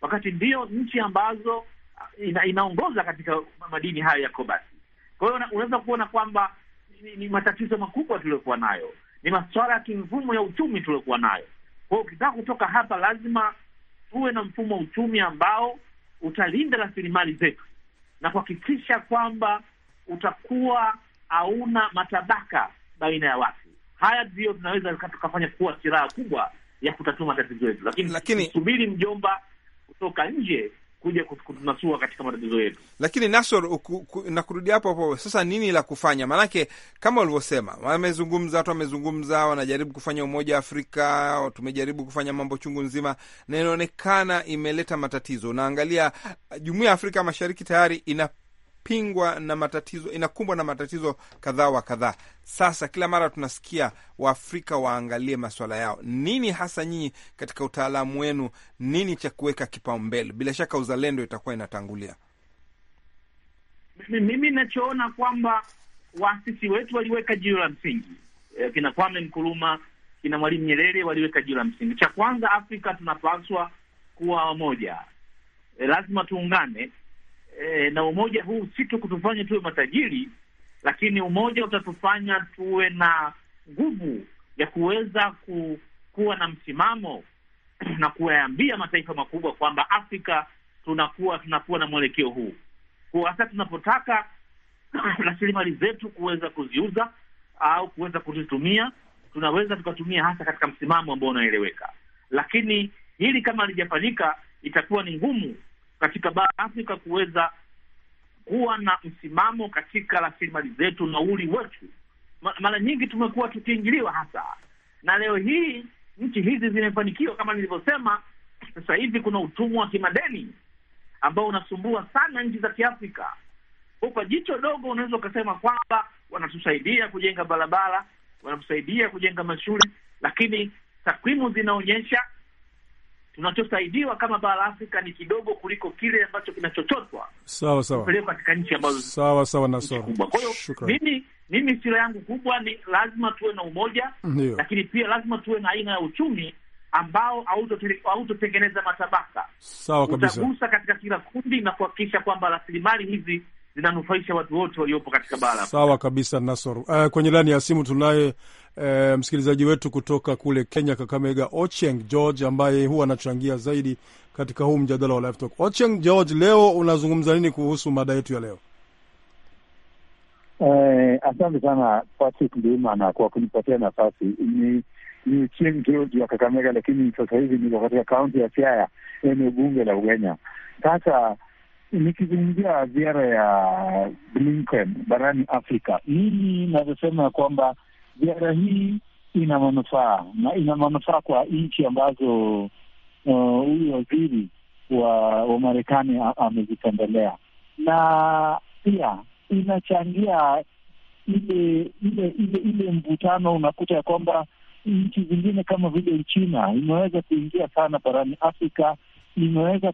Speaker 5: Wakati ndio nchi ambazo uh, ina, inaongoza katika madini hayo ya kobati. Kwa hiyo unaweza kuona kwamba ni, ni matatizo makubwa tuliyokuwa nayo ni masuala ya kimfumo ya uchumi tuliokuwa nayo. Kwa hiyo ukitaka kutoka hapa, lazima tuwe na mfumo wa uchumi ambao utalinda rasilimali zetu na kuhakikisha kwamba utakuwa hauna matabaka baina ya watu. Haya ndiyo tunaweza tukafanya kuwa silaha kubwa ya kutatua matatizo yetu, lakini subiri mjomba
Speaker 3: kutoka nje kuja kutunasua katika matatizo yetu. Lakini Nasor, nakurudi hapo hapo sasa, nini la kufanya? Maanake kama ulivyosema, wamezungumza watu, wamezungumza wanajaribu kufanya umoja wa Afrika, tumejaribu kufanya mambo chungu nzima, na inaonekana imeleta matatizo. Unaangalia jumuia ya Afrika Mashariki tayari ina inapingwa na matatizo, inakumbwa na matatizo kadhaa wa kadhaa. Sasa kila mara tunasikia Waafrika waangalie masuala yao. Nini hasa nyinyi katika utaalamu wenu, nini cha kuweka kipaumbele? Bila shaka uzalendo itakuwa inatangulia.
Speaker 5: Mimi nachoona kwamba waasisi wetu waliweka jiwe la msingi, eh, kina Kwame Nkuruma, kina Mwalimu Nyerere waliweka jiwe la msingi. Cha kwanza, Afrika tunapaswa kuwa wamoja, eh, lazima tuungane e, na umoja huu si tu kutufanya tuwe matajiri, lakini umoja utatufanya tuwe na nguvu ya kuweza ku, kuwa na msimamo <clears throat> na kuyaambia mataifa makubwa kwamba Afrika tunakuwa tunakuwa na mwelekeo huu, kwa hasa tunapotaka <clears throat> rasilimali zetu kuweza kuziuza au kuweza kuzitumia, tunaweza tukatumia hasa katika msimamo ambao unaeleweka. Lakini hili kama halijafanyika, itakuwa ni ngumu katika bara Afrika kuweza kuwa na msimamo katika rasilimali zetu na uli wetu. Mara nyingi tumekuwa tukiingiliwa hasa, na leo hii nchi hizi zimefanikiwa kama nilivyosema. Sasa hivi kuna utumwa wa kimadeni ambao unasumbua sana nchi za Kiafrika. Kwa jicho dogo unaweza ukasema kwamba wanatusaidia kujenga barabara, wanatusaidia kujenga mashule, lakini takwimu zinaonyesha tunachosaidiwa kama bara la Afrika ni kidogo kuliko kile ambacho kinachochotwa sawa sawa kupelekwa katika nchi ambazo
Speaker 2: sawa sawa na sawa. Kwa hiyo mimi
Speaker 5: mimi sira yangu kubwa ni lazima tuwe na umoja Ndiyo. Lakini pia lazima tuwe na aina ya uchumi ambao hautotengeneza matabaka,
Speaker 2: sawa kabisa, utagusa
Speaker 5: katika kila kundi na kuhakikisha kwamba rasilimali hizi zinanufaisha watu
Speaker 2: wote waliopo katika bara. Sawa kabisa Nasor. Uh, kwenye laini ya simu tunaye uh, msikilizaji wetu kutoka kule Kenya, Kakamega, ocheng George ambaye huwa anachangia zaidi katika huu mjadala wa Live Talk. George, leo unazungumza nini kuhusu mada yetu ya leo?
Speaker 1: Eh, asante sana Patrick Ndimana kwa kunipatia nafasi. Ni ni Ochieng George wa Kakamega, lakini sasa hivi niko katika kaunti ya Siaya, eneo bunge la Ugenya. Sasa nikizungumzia ziara ya Blinken barani Afrika, mimi navyosema ya kwamba ziara hii ina manufaa na ina manufaa kwa nchi ambazo uh, huyu uh, waziri wa, wa Marekani amezitembelea, na pia inachangia ile ile ile ile mvutano. Unakuta ya kwamba nchi zingine kama vile Uchina imeweza kuingia sana barani Afrika, imeweza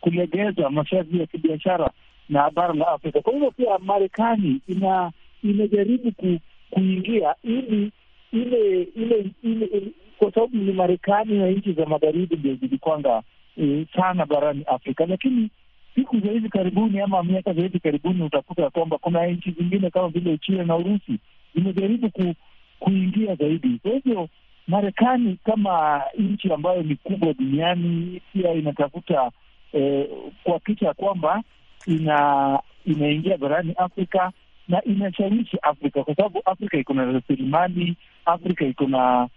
Speaker 1: kulegeza masharti ya kibiashara na bara la Afrika. Kwa hivyo pia Marekani ina imejaribu ku, kuingia ili ile ile ile, kwa sababu ni Marekani na nchi za magharibi ndio zilikwanga e, sana barani Afrika, lakini siku za hivi karibuni ama miaka za hivi karibuni utakuta ya kwamba kuna nchi zingine kama vile Uchina na Urusi zimejaribu ku, kuingia zaidi. Kwa hivyo Marekani kama nchi ambayo ni kubwa duniani pia inatafuta eh, kuhakikisha ya kwamba ina inaingia barani Afrika na inashawishi Afrika kwa sababu Afrika iko na rasilimali, Afrika iko na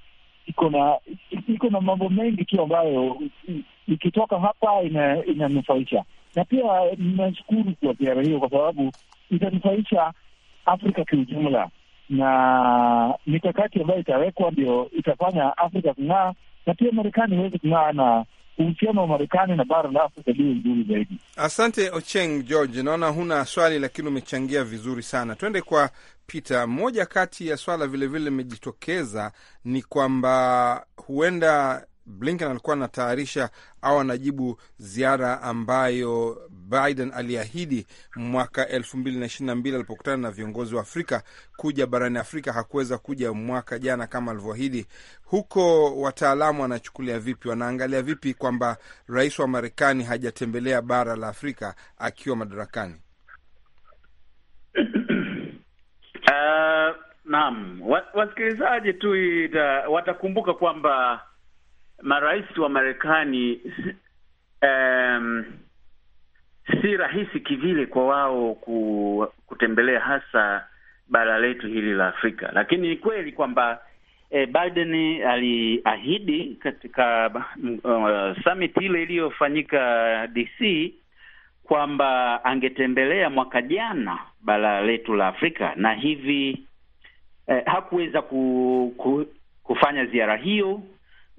Speaker 1: iko na iko na mambo mengi tu ambayo ikitoka hapa ina, inanufaisha. Na pia ninashukuru kwa ziara hiyo, kwa sababu itanufaisha Afrika kiujumla, na mikakati ambayo itawekwa ndio itafanya Afrika kung'aa na pia Marekani iweze kung'aa na uhusiano wa Marekani na
Speaker 3: bara la Afrika liwe nzuri zaidi. Asante Ocheng George, naona huna swali lakini umechangia vizuri sana. Twende kwa Peter. Moja kati ya swala vilevile limejitokeza ni kwamba huenda Blinken alikuwa anatayarisha au anajibu ziara ambayo Biden aliahidi mwaka elfu mbili na ishirini na mbili alipokutana na viongozi wa Afrika kuja barani Afrika. Hakuweza kuja mwaka jana kama alivyoahidi. Huko wataalamu wanachukulia vipi? Wanaangalia vipi kwamba rais wa Marekani hajatembelea bara la Afrika akiwa madarakani?
Speaker 4: <clears throat> Uh, naam, wasikilizaji tu watakumbuka kwamba marais wa Marekani um, si rahisi kivile kwa wao ku, kutembelea hasa bara letu hili la Afrika, lakini ni kweli kwamba eh, Biden aliahidi katika uh, summit ile iliyofanyika DC kwamba angetembelea mwaka jana bara letu la Afrika na hivi eh, hakuweza ku, ku, kufanya ziara hiyo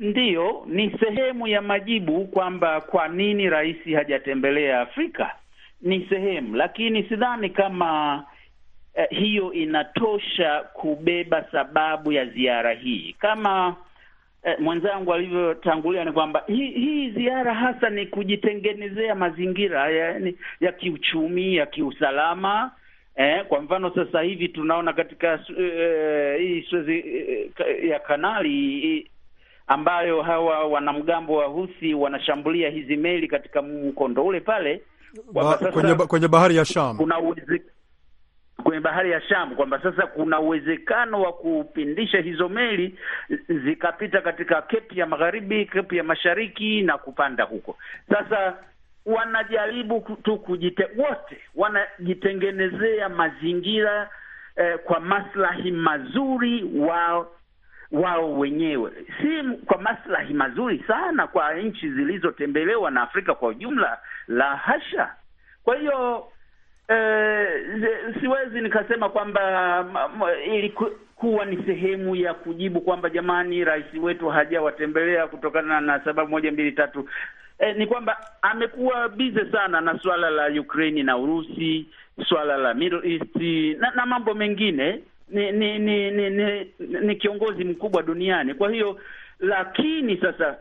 Speaker 4: Ndiyo, ni sehemu ya majibu kwamba kwa nini rais hajatembelea Afrika, ni sehemu, lakini sidhani kama eh, hiyo inatosha kubeba sababu ya ziara hii. Kama eh, mwenzangu alivyotangulia, ni kwamba hii, hi ziara hasa ni kujitengenezea mazingira ya, ya kiuchumi ya kiusalama. Eh, kwa mfano sasa hivi tunaona katika eh, hii eh, ya Kanali ambayo hawa wanamgambo wa Husi wanashambulia hizi meli katika mkondo ule pale
Speaker 2: ba, kwenye, kwenye bahari ya Sham kuna
Speaker 4: kwenye bahari ya Sham kwamba sasa kuna uwezekano wa kupindisha hizo meli zikapita katika kepi ya magharibi, kepi ya mashariki na kupanda huko. Sasa wanajaribu tu kujite, wote wanajitengenezea mazingira eh, kwa maslahi mazuri wao wao wenyewe, si kwa maslahi mazuri sana kwa nchi zilizotembelewa na Afrika kwa ujumla, la hasha. Kwa hiyo e, siwezi nikasema kwamba ilikuwa kuwa ni sehemu ya kujibu kwamba jamani, rais wetu hajawatembelea kutokana na sababu moja mbili tatu. E, ni kwamba amekuwa bize sana na suala la Ukraini na Urusi, suala la Middle East na, na mambo mengine ni ni ni, ni, ni, ni kiongozi mkubwa duniani. Kwa hiyo lakini sasa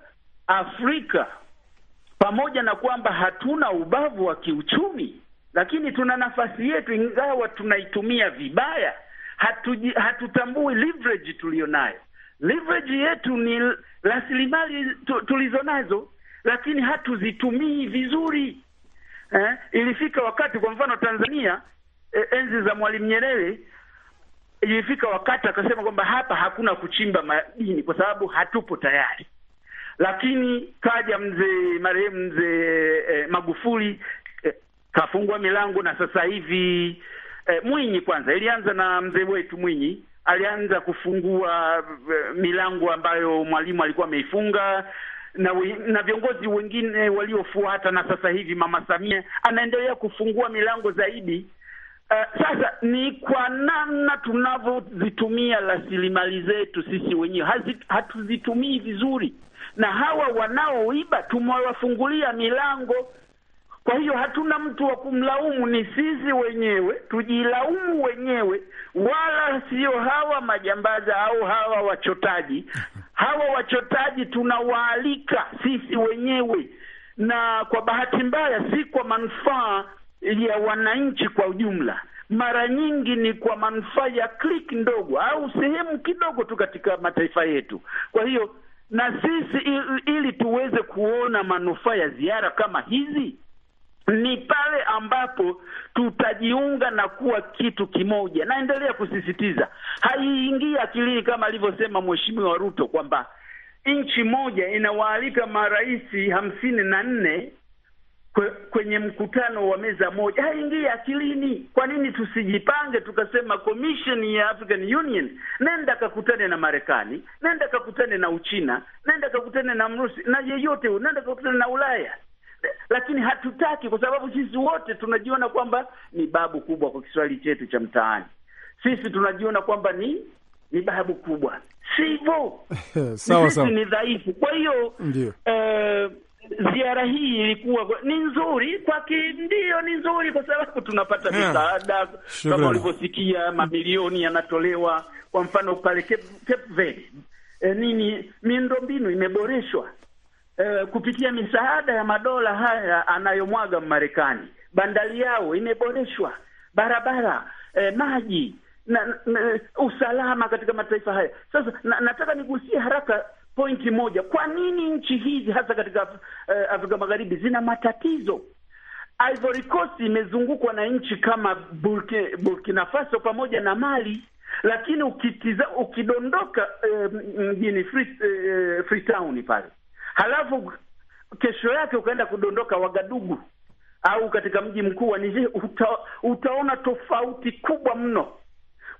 Speaker 4: Afrika pamoja na kwamba hatuna ubavu wa kiuchumi, lakini tuna nafasi yetu, ingawa tunaitumia vibaya. Hatuji, hatutambui leverage tuliyonayo. Leverage yetu ni rasilimali tulizonazo lakini hatuzitumii vizuri eh. Ilifika wakati kwa mfano Tanzania eh, enzi za Mwalimu Nyerere ilifika wakati akasema kwamba hapa hakuna kuchimba madini kwa sababu hatupo tayari. Lakini kaja mzee marehemu mzee eh, Magufuli eh, kafungua milango na sasa hivi eh, Mwinyi kwanza ilianza na mzee wetu Mwinyi alianza kufungua eh, milango ambayo Mwalimu alikuwa ameifunga na na viongozi wengine waliofuata, na sasa hivi Mama Samia anaendelea kufungua milango zaidi Uh, sasa ni kwa namna tunavyozitumia rasilimali zetu sisi wenyewe, hatuzitumii vizuri, na hawa wanaoiba tumewafungulia milango. Kwa hiyo hatuna mtu wa kumlaumu, ni sisi wenyewe, tujilaumu wenyewe, wala sio hawa majambaza au hawa wachotaji. Hawa wachotaji tunawaalika sisi wenyewe, na kwa bahati mbaya, si kwa manufaa ya wananchi kwa ujumla mara nyingi ni kwa manufaa ya clique ndogo au sehemu kidogo tu katika mataifa yetu. Kwa hiyo na sisi ili, ili tuweze kuona manufaa ya ziara kama hizi ni pale ambapo tutajiunga na kuwa kitu kimoja. Naendelea kusisitiza, haiingii akilini kama alivyosema Mheshimiwa Ruto kwamba nchi moja inawaalika marais hamsini na nne kwenye mkutano wa meza moja haingii akilini. Kwa nini tusijipange tukasema commission ya African Union, nenda kakutane na Marekani, nenda kakutane na Uchina, nenda kakutane na Mrusi na yeyote, nenda kakutane na Ulaya. Lakini hatutaki kwa sababu sisi wote tunajiona kwamba ni babu kubwa, kwa Kiswahili chetu cha mtaani, sisi tunajiona kwamba ni ni babu kubwa, sivyo?
Speaker 2: <laughs> Sisi ni
Speaker 4: dhaifu, kwa hiyo eh, ziara hii ilikuwa ni nzuri kwa ndio ni nzuri kwa sababu tunapata misaada yeah. Kama ulivyosikia mamilioni yanatolewa, kwa mfano pale Cape Verde e, nini miundombinu imeboreshwa e, kupitia misaada ya madola haya anayomwaga Marekani. Bandari yao imeboreshwa, barabara e, maji na, na e, usalama katika mataifa haya. Sasa na, nataka nigusie haraka pointi moja. Kwa nini nchi hizi hasa katika uh, Afrika Magharibi zina matatizo? Ivory Coast imezungukwa na nchi kama Burkina, Faso pamoja na Mali, lakini ukitiza, ukidondoka eh, mjini uh, Free, uh, pale halafu kesho yake ukaenda kudondoka Wagadugu au katika mji mkuu wa Niger uta, utaona tofauti kubwa mno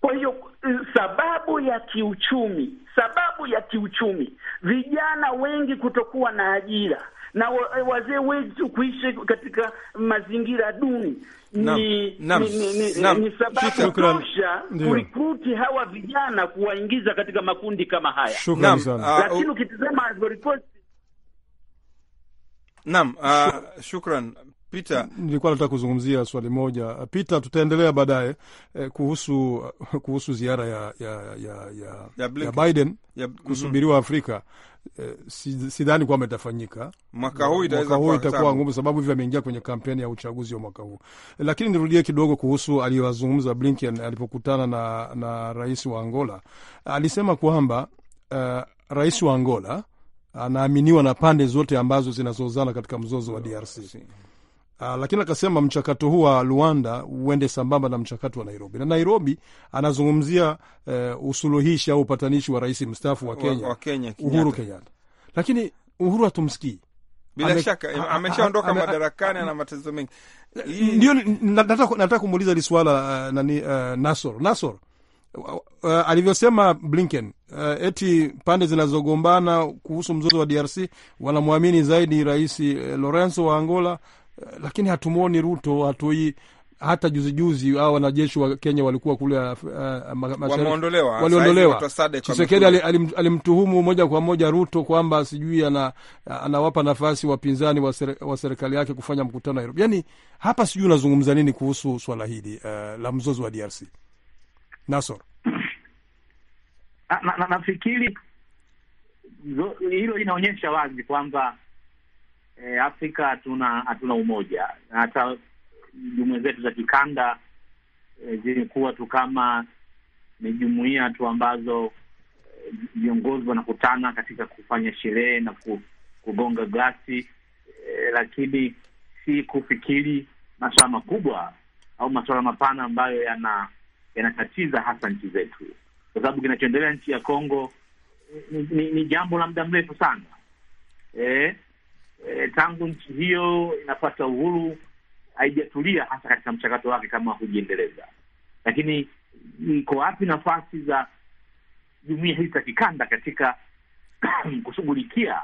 Speaker 4: kwa hiyo eh, sababu ya kiuchumi, sababu ya kiuchumi, vijana wengi kutokuwa na ajira na eh, wazee wetu kuishi katika mazingira duni ni, nam, ni, ni, nam, ni sababu tosha hawa vijana kuwaingiza katika makundi kama haya. Shukran
Speaker 3: uh, Lakini ukitizama Ivory Coast nam, uh, shukran
Speaker 2: Peter, nilikuwa nataka kuzungumzia swali moja Peter, tutaendelea baadaye eh, kuhusu kuhusu ziara ya ya ya, ya, ya, ya Biden ya, kusubiriwa mm -hmm. Afrika eh, sidhani kwamba itafanyika mwaka huu. Itakuwa ngumu sababu hivyo ameingia kwenye kampeni ya uchaguzi wa mwaka huu, eh, lakini nirudie kidogo kuhusu aliyowazungumza Blinken alipokutana na, na rais wa Angola. Alisema kwamba uh, rais wa Angola anaaminiwa na pande zote ambazo zinazozana katika mzozo wa DRC. Ah, lakini akasema mchakato huu wa Luanda uende sambamba na mchakato wa Nairobi na Nairobi anazungumzia uh, usuluhishi au upatanishi wa rais mstaafu wa Kenya, wa, wa Kenya
Speaker 3: Uhuru Kenyatta,
Speaker 2: lakini Uhuru hatumsikii bila ame, shaka ameshaondoka madarakani ana matezo mengi. Ndio nataka kumuuliza hili swala uh, nani uh, Nasor Nasor uh, alivyosema Blinken uh, eti pande zinazogombana kuhusu mzozo wa DRC wanamwamini zaidi rais uh, Lorenzo wa Angola lakini hatumwoni Ruto, hatui hata juzi juzi hao wanajeshi wa Kenya walikuwa kule uh, waliondolewa. Chisekedi alimtuhumu moja kwa moja Ruto kwamba sijui anawapa ana nafasi wapinzani wa, wa serikali yake kufanya mkutano Nairobi. Yani hapa sijui unazungumza nini kuhusu swala hili uh, la mzozo wa DRC Nasor? Na, na, na,
Speaker 5: hilo inaonyesha wazi kwamba e, Afrika hatuna hatuna umoja, na hata jumuia zetu za kikanda e, zimekuwa tu kama ni jumuia tu ambazo e, viongozi wanakutana katika kufanya sherehe na kugonga glasi e, lakini si kufikiri masuala makubwa au masuala mapana ambayo yana yanatatiza hasa nchi zetu, kwa sababu kinachoendelea nchi ya Kongo e, ni, ni, ni jambo la muda mrefu sana e, e, tangu nchi hiyo inapata uhuru haijatulia hasa katika mchakato wake kama hujiendeleza. Lakini iko wapi nafasi za jumuia hizi za kikanda katika <clears throat> kushughulikia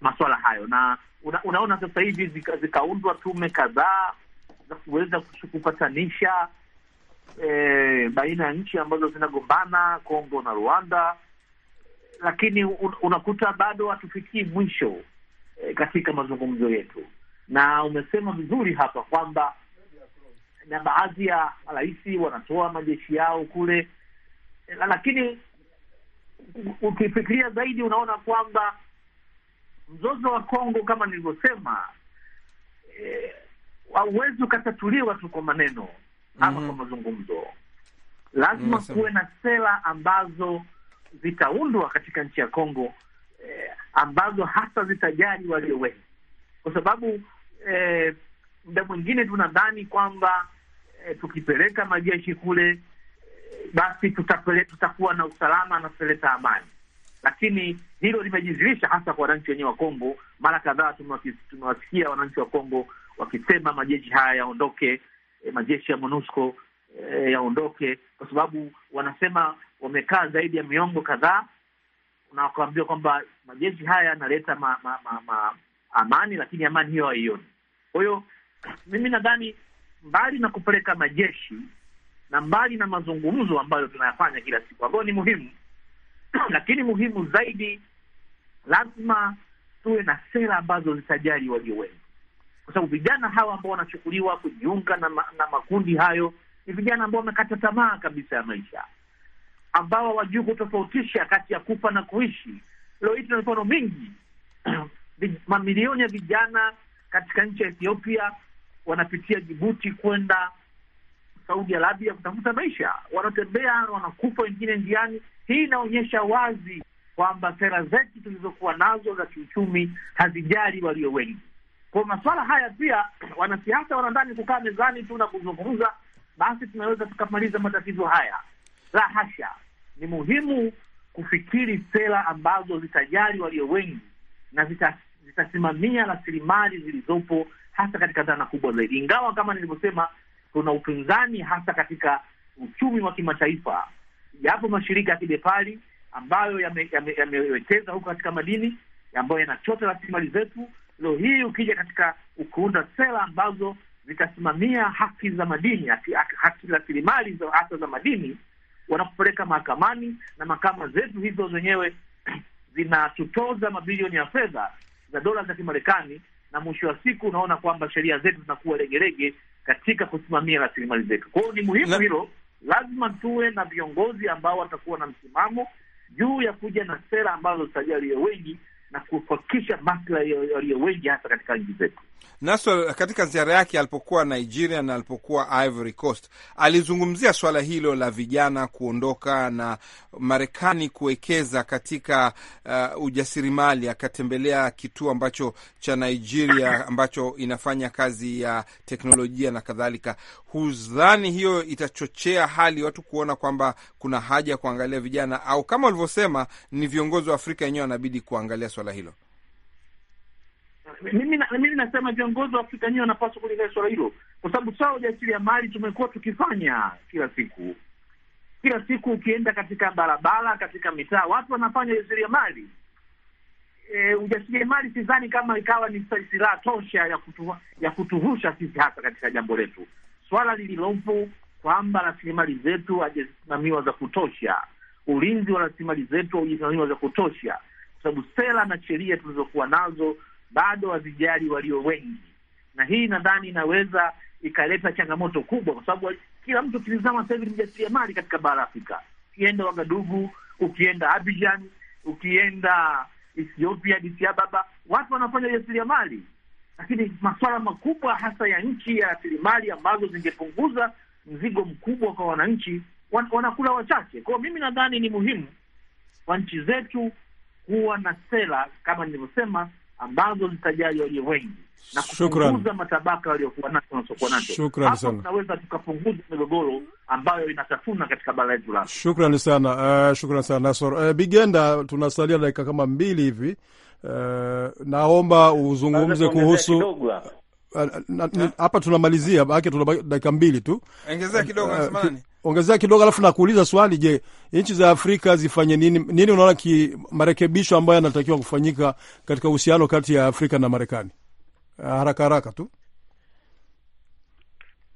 Speaker 5: maswala hayo? Na una, unaona sasa hivi zika, zikaundwa tume kadhaa za kuweza kupatanisha e, baina ya nchi ambazo zinagombana Kongo na Rwanda, lakini un, unakuta bado hatufikii mwisho eh, katika mazungumzo yetu, na umesema vizuri hapa kwamba na baadhi ya marais wanatoa majeshi yao kule, eh, lakini ukifikiria zaidi unaona kwamba mzozo wa Kongo kama nilivyosema eh, hauwezi eh, ukatatuliwa tu kwa maneno ama mm -hmm. kwa mazungumzo lazima mm -hmm. kuwe na sera ambazo zitaundwa katika nchi ya Kongo eh, ambazo hasa zitajali walio wengi, kwa sababu eh, mwingine tunadhani kwamba eh, tukipeleka majeshi kule eh, basi tutapele, tutakuwa na usalama na tutaleta amani, lakini hilo limejizirisha hasa kwa wananchi wenyewe wa Kongo. Mara kadhaa tumewasikia wananchi wa Kongo wakisema majeshi haya yaondoke, eh, majeshi ya MONUSCO eh, yaondoke, kwa sababu wanasema wamekaa zaidi ya miongo kadhaa na wakawambia kwamba majeshi haya yanaleta ma, ma, ma, ma, amani, lakini amani hiyo haioni. Kwa hiyo mimi nadhani mbali na kupeleka majeshi na mbali na mazungumzo ambayo tunayafanya kila siku ambayo ni muhimu <clears throat> lakini muhimu zaidi, lazima tuwe na sera ambazo zitajali walio wengi, kwa sababu vijana hawa ambao wanachukuliwa kujiunga na, ma, na makundi hayo ni vijana ambao wamekata tamaa kabisa ya maisha ambao hawajui kutofautisha kati ya kufa na kuishi. Leo hii tuna mifano mingi <clears throat> mamilioni ya vijana katika nchi ya Ethiopia wanapitia Jibuti kwenda Saudi Arabia kutafuta maisha, wanatembea wanakufa wengine njiani. Hii inaonyesha wazi kwamba sera zetu tulizokuwa nazo za kiuchumi hazijali walio wengi. Kwa masuala haya pia <clears throat> wanasiasa wanadhani kukaa mezani tu na kuzungumza basi tunaweza tukamaliza matatizo haya. La hasha! ni muhimu kufikiri sera ambazo zitajali walio wengi na zitasimamia rasilimali zilizopo hasa katika dhana kubwa zaidi, ingawa kama nilivyosema, kuna upinzani hasa katika uchumi wa kimataifa. Yapo mashirika ya kibepari ambayo yamewekeza yame, yame huko katika madini ambayo yanachota rasilimali zetu. Leo hii ukija katika kuunda sera ambazo zitasimamia haki za madini, haki rasilimali hasa za madini wanakupeleka mahakamani, na mahakama zetu hizo zenyewe <clears throat> zinatutoza mabilioni ya fedha za dola za Kimarekani, na mwisho wa siku unaona kwamba sheria zetu zinakuwa legelege katika kusimamia rasilimali zetu. Kwa hiyo ni muhimu hilo, lazima tuwe na viongozi ambao watakuwa na msimamo juu ya kuja na sera ambazo zitajaliwe wengi na kuhakikisha maslahi yaliyo wengi hasa katika nchi zetu.
Speaker 3: Nasr katika ziara yake alipokuwa Nigeria na alipokuwa Ivory Coast alizungumzia swala hilo la vijana kuondoka na Marekani kuwekeza katika uh, ujasiriamali. Akatembelea kituo ambacho cha Nigeria ambacho inafanya kazi ya teknolojia na kadhalika. Hudhani hiyo itachochea hali watu kuona kwamba kuna haja ya kuangalia vijana, au kama walivyosema ni viongozi wa Afrika yenyewe wanabidi kuangalia swala hilo?
Speaker 5: Mimi na, mimi nasema viongozi wa Afrika wenyewe wanapaswa kulilia swala hilo, kwa sababu sawa ujasiriamali tumekuwa tukifanya kila siku kila siku. Ukienda katika barabara, katika mitaa, watu wanafanya ujasiriamali. E, ujasiriamali sidhani kama ikawa ni silaha tosha ya kutu, ya kutuhusha sisi hasa katika jambo letu. Swala lililopo kwamba rasilimali zetu hazijasimamiwa za kutosha, ulinzi wa rasilimali zetu haujasimamiwa za kutosha sababu sera na sheria tulizokuwa nazo bado hazijali walio wengi, na hii nadhani inaweza ikaleta changamoto kubwa, kwa sababu kila mtu kilizama sasa hivi ni mjasiriamali katika bara Afrika. Ukienda Wagadugu, ukienda Abidjan, ukienda Ethiopia, Addis Ababa, watu wanafanya ujasiriamali, lakini masuala makubwa hasa ya nchi ya rasilimali ambazo zingepunguza mzigo mkubwa kwa wananchi, wanakula wachache. Kwa hiyo mimi nadhani ni muhimu kwa nchi zetu kuwa na sera kama nilivyosema, ambazo zitajali walio wengi na kupunguza matabaka waliokuwa nacho wanachokuwa nacho. Hapo tunaweza tukapunguza migogoro ambayo inatafuna katika bara letu la.
Speaker 2: Shukrani sana, uh, eh, shukrani sana Nasor. Uh, Bigenda, tunasalia dakika kama mbili hivi. Uh, naomba uzungumze kuhusu hapa tunamalizia, baki tuna dakika mbili tu. Ongezea kidogo, uh, ongezea kidogo, alafu nakuuliza swali. Je, nchi za Afrika zifanye nini? Nini unaona ki marekebisho ambayo yanatakiwa kufanyika katika uhusiano kati ya Afrika na Marekani? Ah, haraka haraka tu.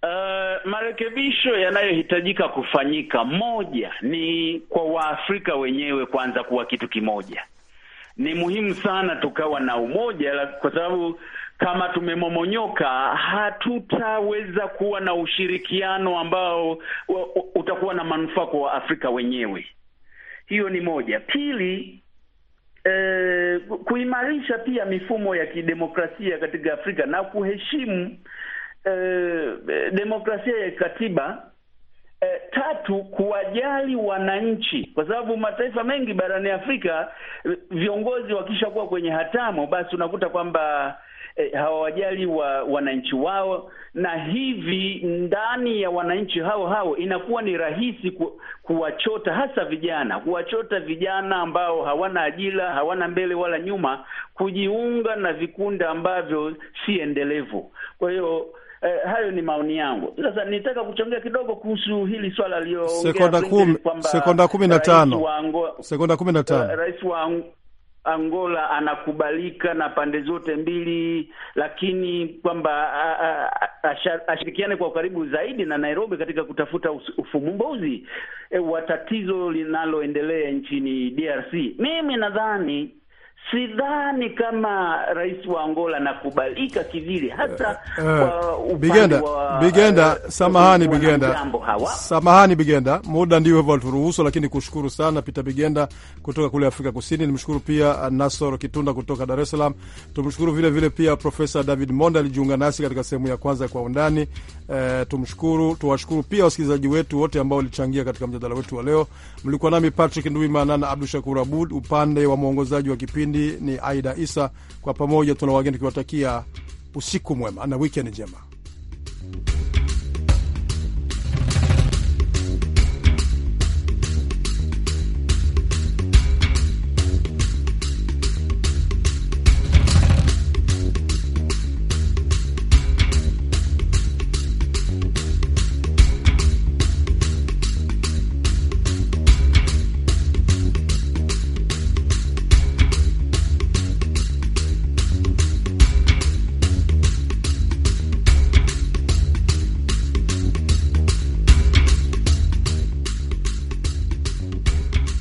Speaker 4: Uh, marekebisho yanayohitajika kufanyika, moja ni kwa Waafrika wenyewe kwanza kuwa kitu kimoja. Ni muhimu sana tukawa na umoja, kwa sababu kama tumemomonyoka, hatutaweza kuwa na ushirikiano ambao utakuwa na manufaa kwa Waafrika wenyewe. Hiyo ni moja. Pili, e, kuimarisha pia mifumo ya kidemokrasia katika Afrika na kuheshimu e, demokrasia ya katiba. E, tatu, kuwajali wananchi, kwa sababu mataifa mengi barani Afrika viongozi wakishakuwa kwenye hatamo basi unakuta kwamba eh, hawajali wa wananchi wao, na hivi ndani ya wananchi hao hao inakuwa ni rahisi ku, kuwachota hasa vijana, kuwachota vijana ambao hawana ajira, hawana mbele wala nyuma, kujiunga na vikundi ambavyo si endelevu. Kwa hiyo Eh, hayo ni maoni yangu. Sasa nitaka kuchangia kidogo kuhusu hili swala liyo sekonda
Speaker 2: kumi na tano sekonda eh, kumi na tano
Speaker 4: rais wa Angola anakubalika na pande zote mbili, lakini kwamba ashirikiane kwa ukaribu zaidi na Nairobi katika kutafuta ufumbuzi e, wa tatizo linaloendelea nchini DRC. Mimi nadhani Sidhani kama rais wa Angola anakubalika kivile hasa
Speaker 2: uh, eh, uh, eh, kwa upande wa eh, Bigenda. Samahani Bigenda, samahani Bigenda, muda ndio hivyo alituruhusu, lakini kushukuru sana Peter Bigenda kutoka kule Afrika Kusini. Nimshukuru pia Nasoro Kitunda kutoka Dar es Salaam. Tumshukuru vile vile pia Profesa David Monda alijiunga nasi katika sehemu ya kwanza kwa undani. Uh, tumshukuru, tuwashukuru pia wasikilizaji wetu wote ambao walichangia katika mjadala wetu wa leo. Mlikuwa nami Patrick Nduimana na Abdu Shakur Abud upande wa mwongozaji wa kipindi kipindi ni Aida Isa. Kwa pamoja tuna wageni tukiwatakia usiku mwema na wikendi njema.